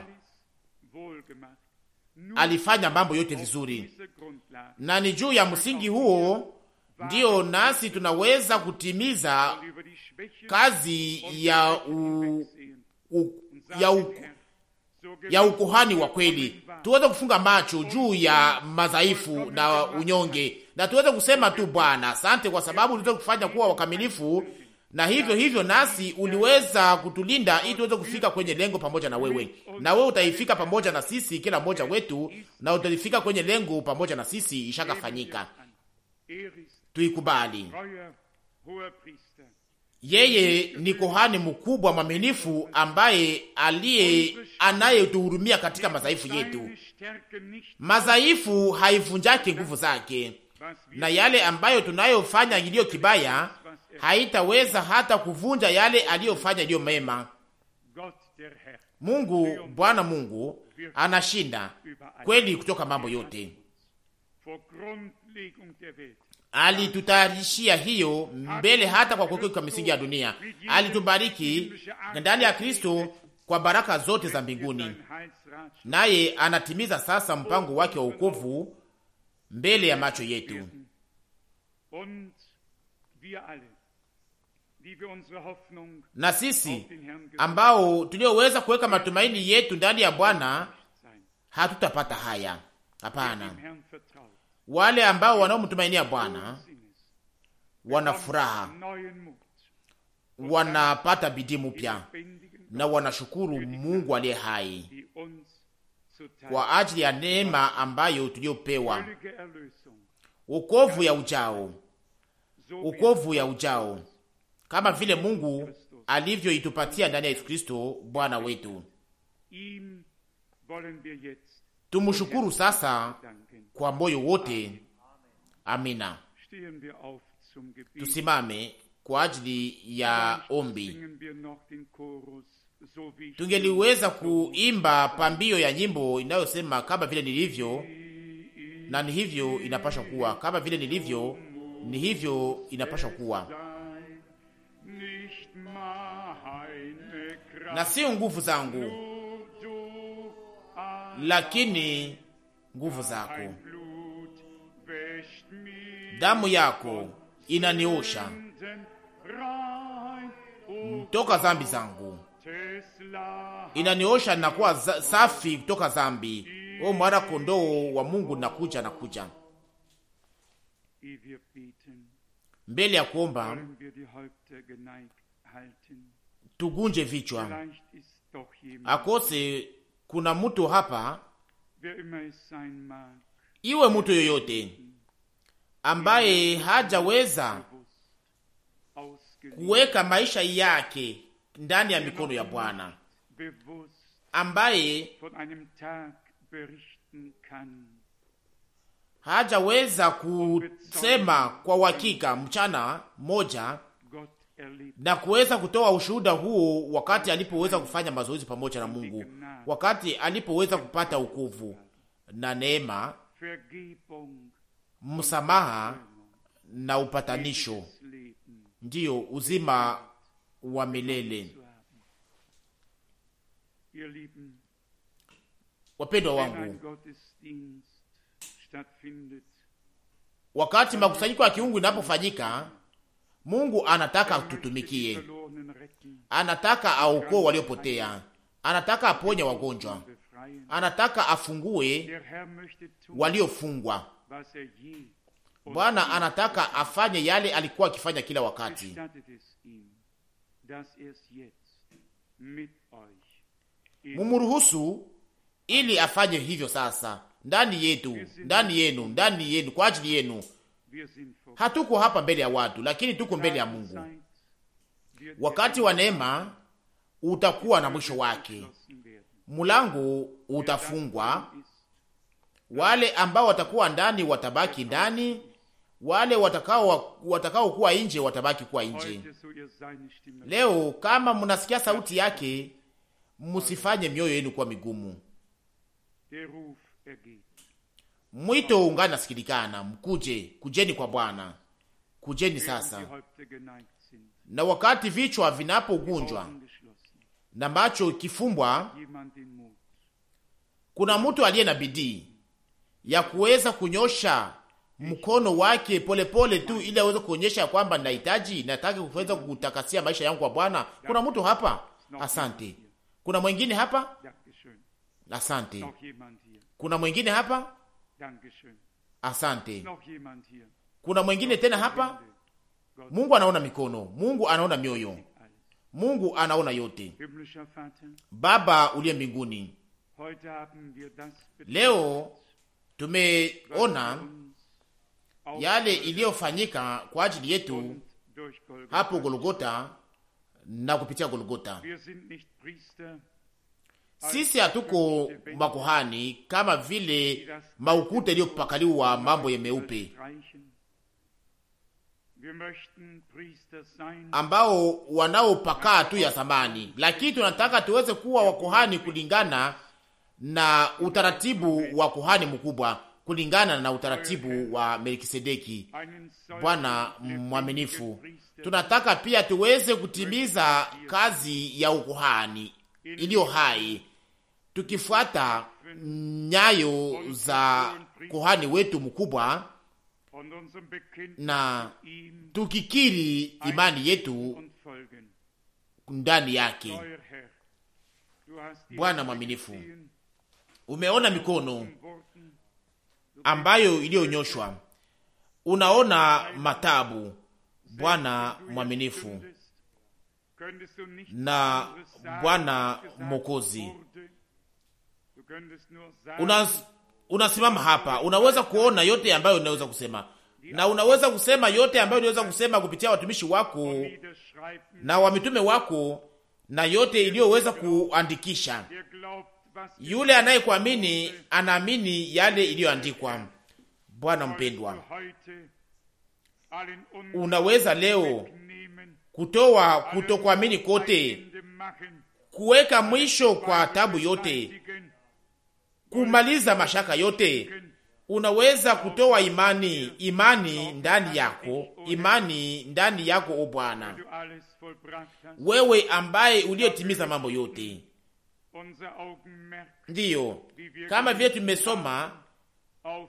alifanya mambo yote vizuri, na ni juu ya msingi huo ndiyo nasi tunaweza kutimiza kazi ya u, u, ya u, ya ukuhani wa kweli. Tuweze kufunga macho juu ya madhaifu na unyonge, na tuweze kusema tu Bwana, asante kwa sababu tuweze kufanya kuwa wakamilifu na hivyo hivyo nasi uliweza kutulinda ili tuweze kufika kwenye lengo pamoja na wewe, na wewe utaifika pamoja na sisi, kila mmoja wetu, na utaifika kwenye lengo pamoja na sisi. Ishakafanyika, tuikubali. Yeye ni kohani mkubwa mwaminifu, ambaye aliye anayetuhurumia katika madhaifu yetu. Madhaifu haivunjake nguvu zake, na yale ambayo tunayofanya iliyo kibaya haitaweza hata kuvunja yale aliyofanya iliyo mema. Mungu Bwana Mungu anashinda kweli kutoka mambo yote. Alitutayarishia hiyo mbele hata kwa kuwekwa misingi ya dunia. Alitubariki ndani ya Kristo kwa baraka zote za mbinguni, naye anatimiza sasa mpango wake wa wokovu mbele ya macho yetu na sisi ambao tulioweza kuweka matumaini yetu ndani ya Bwana hatutapata haya. Hapana, wale ambao wanaomtumainia Bwana wana furaha, wanapata bidii mpya na wanashukuru Mungu aliye hai kwa ajili ya neema ambayo tuliyopewa, ukovu ya ujao, ukovu ya ujao kama vile Mungu alivyoitupatia ndani ya Yesu Kristo Bwana wetu. Tumshukuru sasa kwa moyo wote. Amina. Tusimame kwa ajili ya ombi. Tungeliweza kuimba pambio ya nyimbo inayosema kama vile nilivyo, na ni hivyo inapaswa kuwa, kama vile nilivyo, ni hivyo inapaswa kuwa. na sio nguvu zangu, lakini nguvu zako. Damu yako inaniosha toka zambi zangu, inaniosha na kuwa safi toka zambi. O mwana kondoo wa Mungu, nakuja, nakuja mbele ya kuomba tugunje vichwa akose. Kuna mtu hapa, iwe mtu yoyote ambaye hajaweza kuweka maisha yake ndani ya mikono ya Bwana, ambaye hajaweza kusema kwa uhakika mchana moja na kuweza kutoa ushuhuda huo wakati alipoweza kufanya mazoezi pamoja na Mungu, wakati alipoweza kupata ukuvu na neema, msamaha na upatanisho, ndiyo uzima wa milele. Wapendwa wangu, wakati makusanyiko ya kiungu inapofanyika Mungu anataka tutumikie, anataka aokoe waliopotea, anataka aponya wagonjwa, anataka afungue waliofungwa. Bwana anataka afanye yale alikuwa akifanya kila wakati. Mumuruhusu ili afanye hivyo sasa, ndani yetu, ndani yenu, ndani yenu, kwa ajili yenu hatuko hapa mbele ya watu, lakini tuko mbele ya Mungu. Wakati wa neema utakuwa na mwisho wake, mlango utafungwa. Wale ambao watakuwa ndani watabaki ndani, wale watakao watakao kuwa nje watabaki kuwa nje. Leo kama mnasikia sauti yake, msifanye mioyo yenu kuwa migumu. Mwito ungana nasikilikana, mkuje, kujeni kwa Bwana, kujeni sasa. Na wakati vichwa vinapogunjwa na macho ikifumbwa, kuna mtu aliye na bidii ya kuweza kunyosha mkono wake polepole pole tu, ili aweze kuonyesha kwamba nahitaji nataka kuweza kutakasia maisha yangu kwa Bwana. Kuna mtu hapa? Asante. Kuna mwengine hapa? Asante. Kuna mwengine hapa? Asante. Kuna mwengine tena hapa? Mungu anaona mikono, Mungu anaona mioyo, Mungu anaona yote. Baba uliye mbinguni, leo tumeona yale iliyofanyika kwa ajili yetu hapo Golgota na kupitia Golgota. Sisi hatuko makuhani kama vile maukuta iliyopakaliwa mambo ya meupe ambao wanaopakaa tu ya thamani, lakini tunataka tuweze kuwa wakuhani kulingana na utaratibu wa kuhani mkubwa, kulingana na utaratibu wa Melkisedeki, Bwana mwaminifu. Tunataka pia tuweze kutimiza kazi ya ukuhani iliyo hai tukifuata nyayo za kohani wetu mkubwa na tukikiri imani yetu ndani yake. Bwana mwaminifu, umeona mikono ambayo iliyonyoshwa, unaona matabu. Bwana mwaminifu na Bwana Mwokozi, Unas, unasimama hapa, unaweza kuona yote ambayo inaweza kusema na unaweza kusema yote ambayo unaweza kusema kupitia watumishi wako na wamitume wako na yote iliyoweza kuandikisha. Yule anayekuamini anaamini yale iliyoandikwa. Bwana mpendwa, unaweza leo kutoa kutokuamini kote, kuweka mwisho kwa tabu yote, kumaliza mashaka yote. Unaweza kutoa imani, imani ndani yako, imani ndani yako, o Bwana, wewe ambaye uliyotimiza mambo yote. Ndiyo, kama vile tumesoma,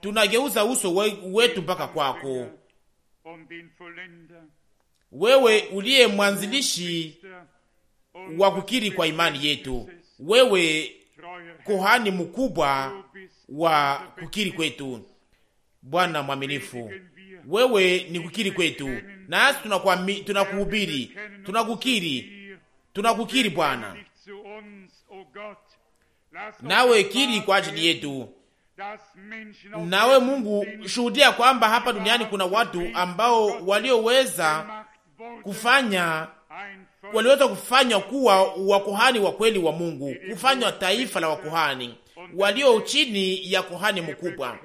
tunageuza uso wetu mpaka kwako, wewe uliye mwanzilishi wa kukiri kwa imani yetu, wewe kuhani mkubwa wa kukiri kwetu. Bwana mwaminifu, wewe ni kukiri kwetu, nasi tunakuhubiri, tunakukiri, tunakukiri Bwana, nawe kiri kwa ajili yetu. Nawe Mungu, shuhudia kwamba hapa duniani kuna watu ambao walioweza kufanya waliweza kufanywa kuwa wakuhani wa kweli wa Mungu, kufanywa taifa la wakuhani walio chini ya kuhani mkubwa.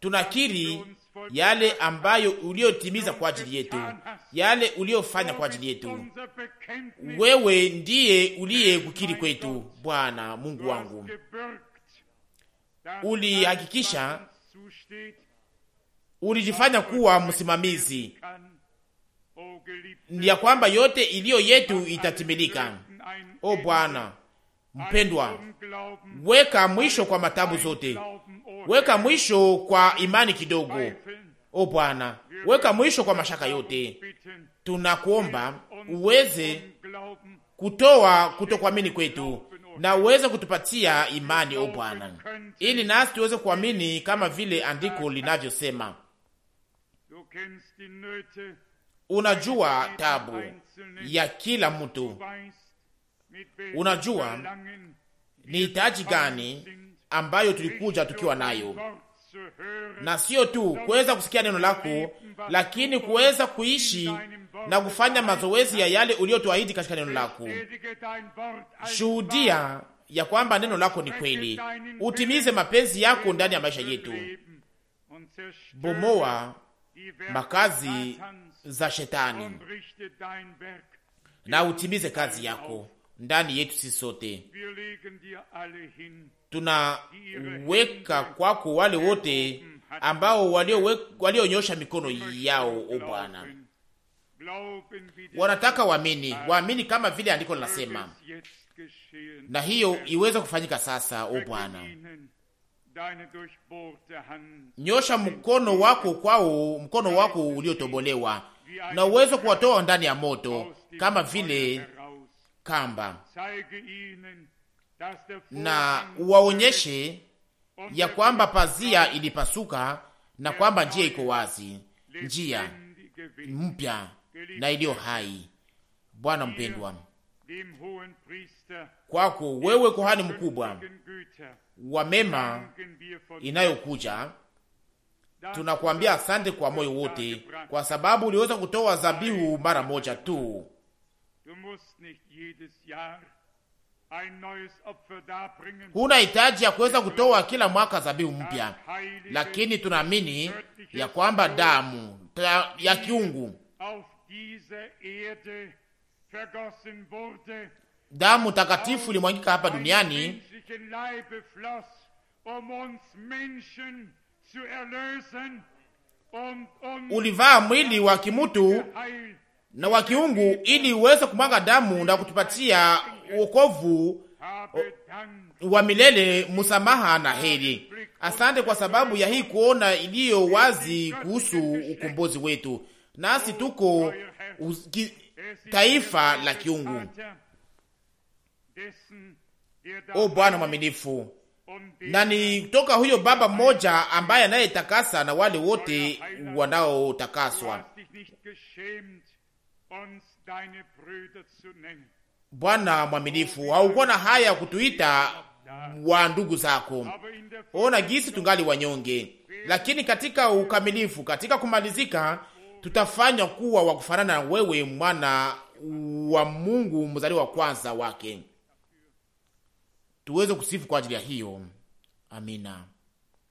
Tunakiri yale ambayo uliotimiza kwa ajili yetu, yale uliofanya kwa ajili yetu. Wewe ndiye uliye kukiri kwetu, Bwana Mungu wangu, ulihakikisha, ulijifanya kuwa msimamizi ya kwamba yote iliyo yetu itatimilika. O Bwana mpendwa, weka mwisho kwa matabu zote, weka mwisho kwa imani kidogo. O Bwana, weka mwisho kwa mashaka yote. Tunakuomba uweze kutoa kutokuamini kwetu na uweze kutupatia imani, o Bwana, ili nasi tuweze kuamini kama vile andiko linavyosema unajua tabu ya kila mtu, unajua ni hitaji gani ambayo tulikuja tukiwa nayo, na sio tu kuweza kusikia neno lako, lakini kuweza kuishi na kufanya mazoezi ya yale uliyotuahidi katika neno lako. Shuhudia ya kwamba neno lako ni kweli, utimize mapenzi yako ndani ya maisha yetu. Bomoa makazi za Shetani, na utimize kazi yako ndani yetu. Sisi sote tunaweka kwako wale wote ambao walionyosha walio mikono yao, o Bwana, wanataka waamini, waamini kama vile andiko linasema, na hiyo iweze kufanyika sasa. O Bwana, nyosha mkono wako kwao, mkono wako uliotobolewa na uwezo kuwatoa ndani ya moto kama vile kamba, na uwaonyeshe ya kwamba pazia ilipasuka na kwamba njia iko wazi, njia mpya na iliyo hai. Bwana mpendwa, kwako wewe kuhani mkubwa wa mema inayokuja tunakuambia asante kwa moyo wote, kwa sababu uliweza kutoa zabihu mara moja tu. Huna hitaji ya kuweza kutoa kila mwaka zabihu mpya, lakini tunaamini ya kwamba damu ya kiungu, damu takatifu ilimwangika hapa duniani ulivaa mwili wa kimutu na wa kiungu ili uweze kumwaga damu na kutupatia wokovu wa milele, msamaha na heri. Asante kwa sababu ya hii kuona iliyo wazi kuhusu ukombozi wetu, nasi tuko taifa la kiungu. O Bwana mwaminifu na ni toka huyo baba mmoja ambaye anayetakasa na wale wote wanaotakaswa. Bwana mwaminifu, haukuwa na haya kutuita wa ndugu zako. Ona gisi tungali wanyonge, lakini katika ukamilifu, katika kumalizika, tutafanywa kuwa wa kufanana na wewe, mwana wa Mungu, mzaliwa wa kwanza wake tuweze kusifu kwa ajili ya hiyo. Amina.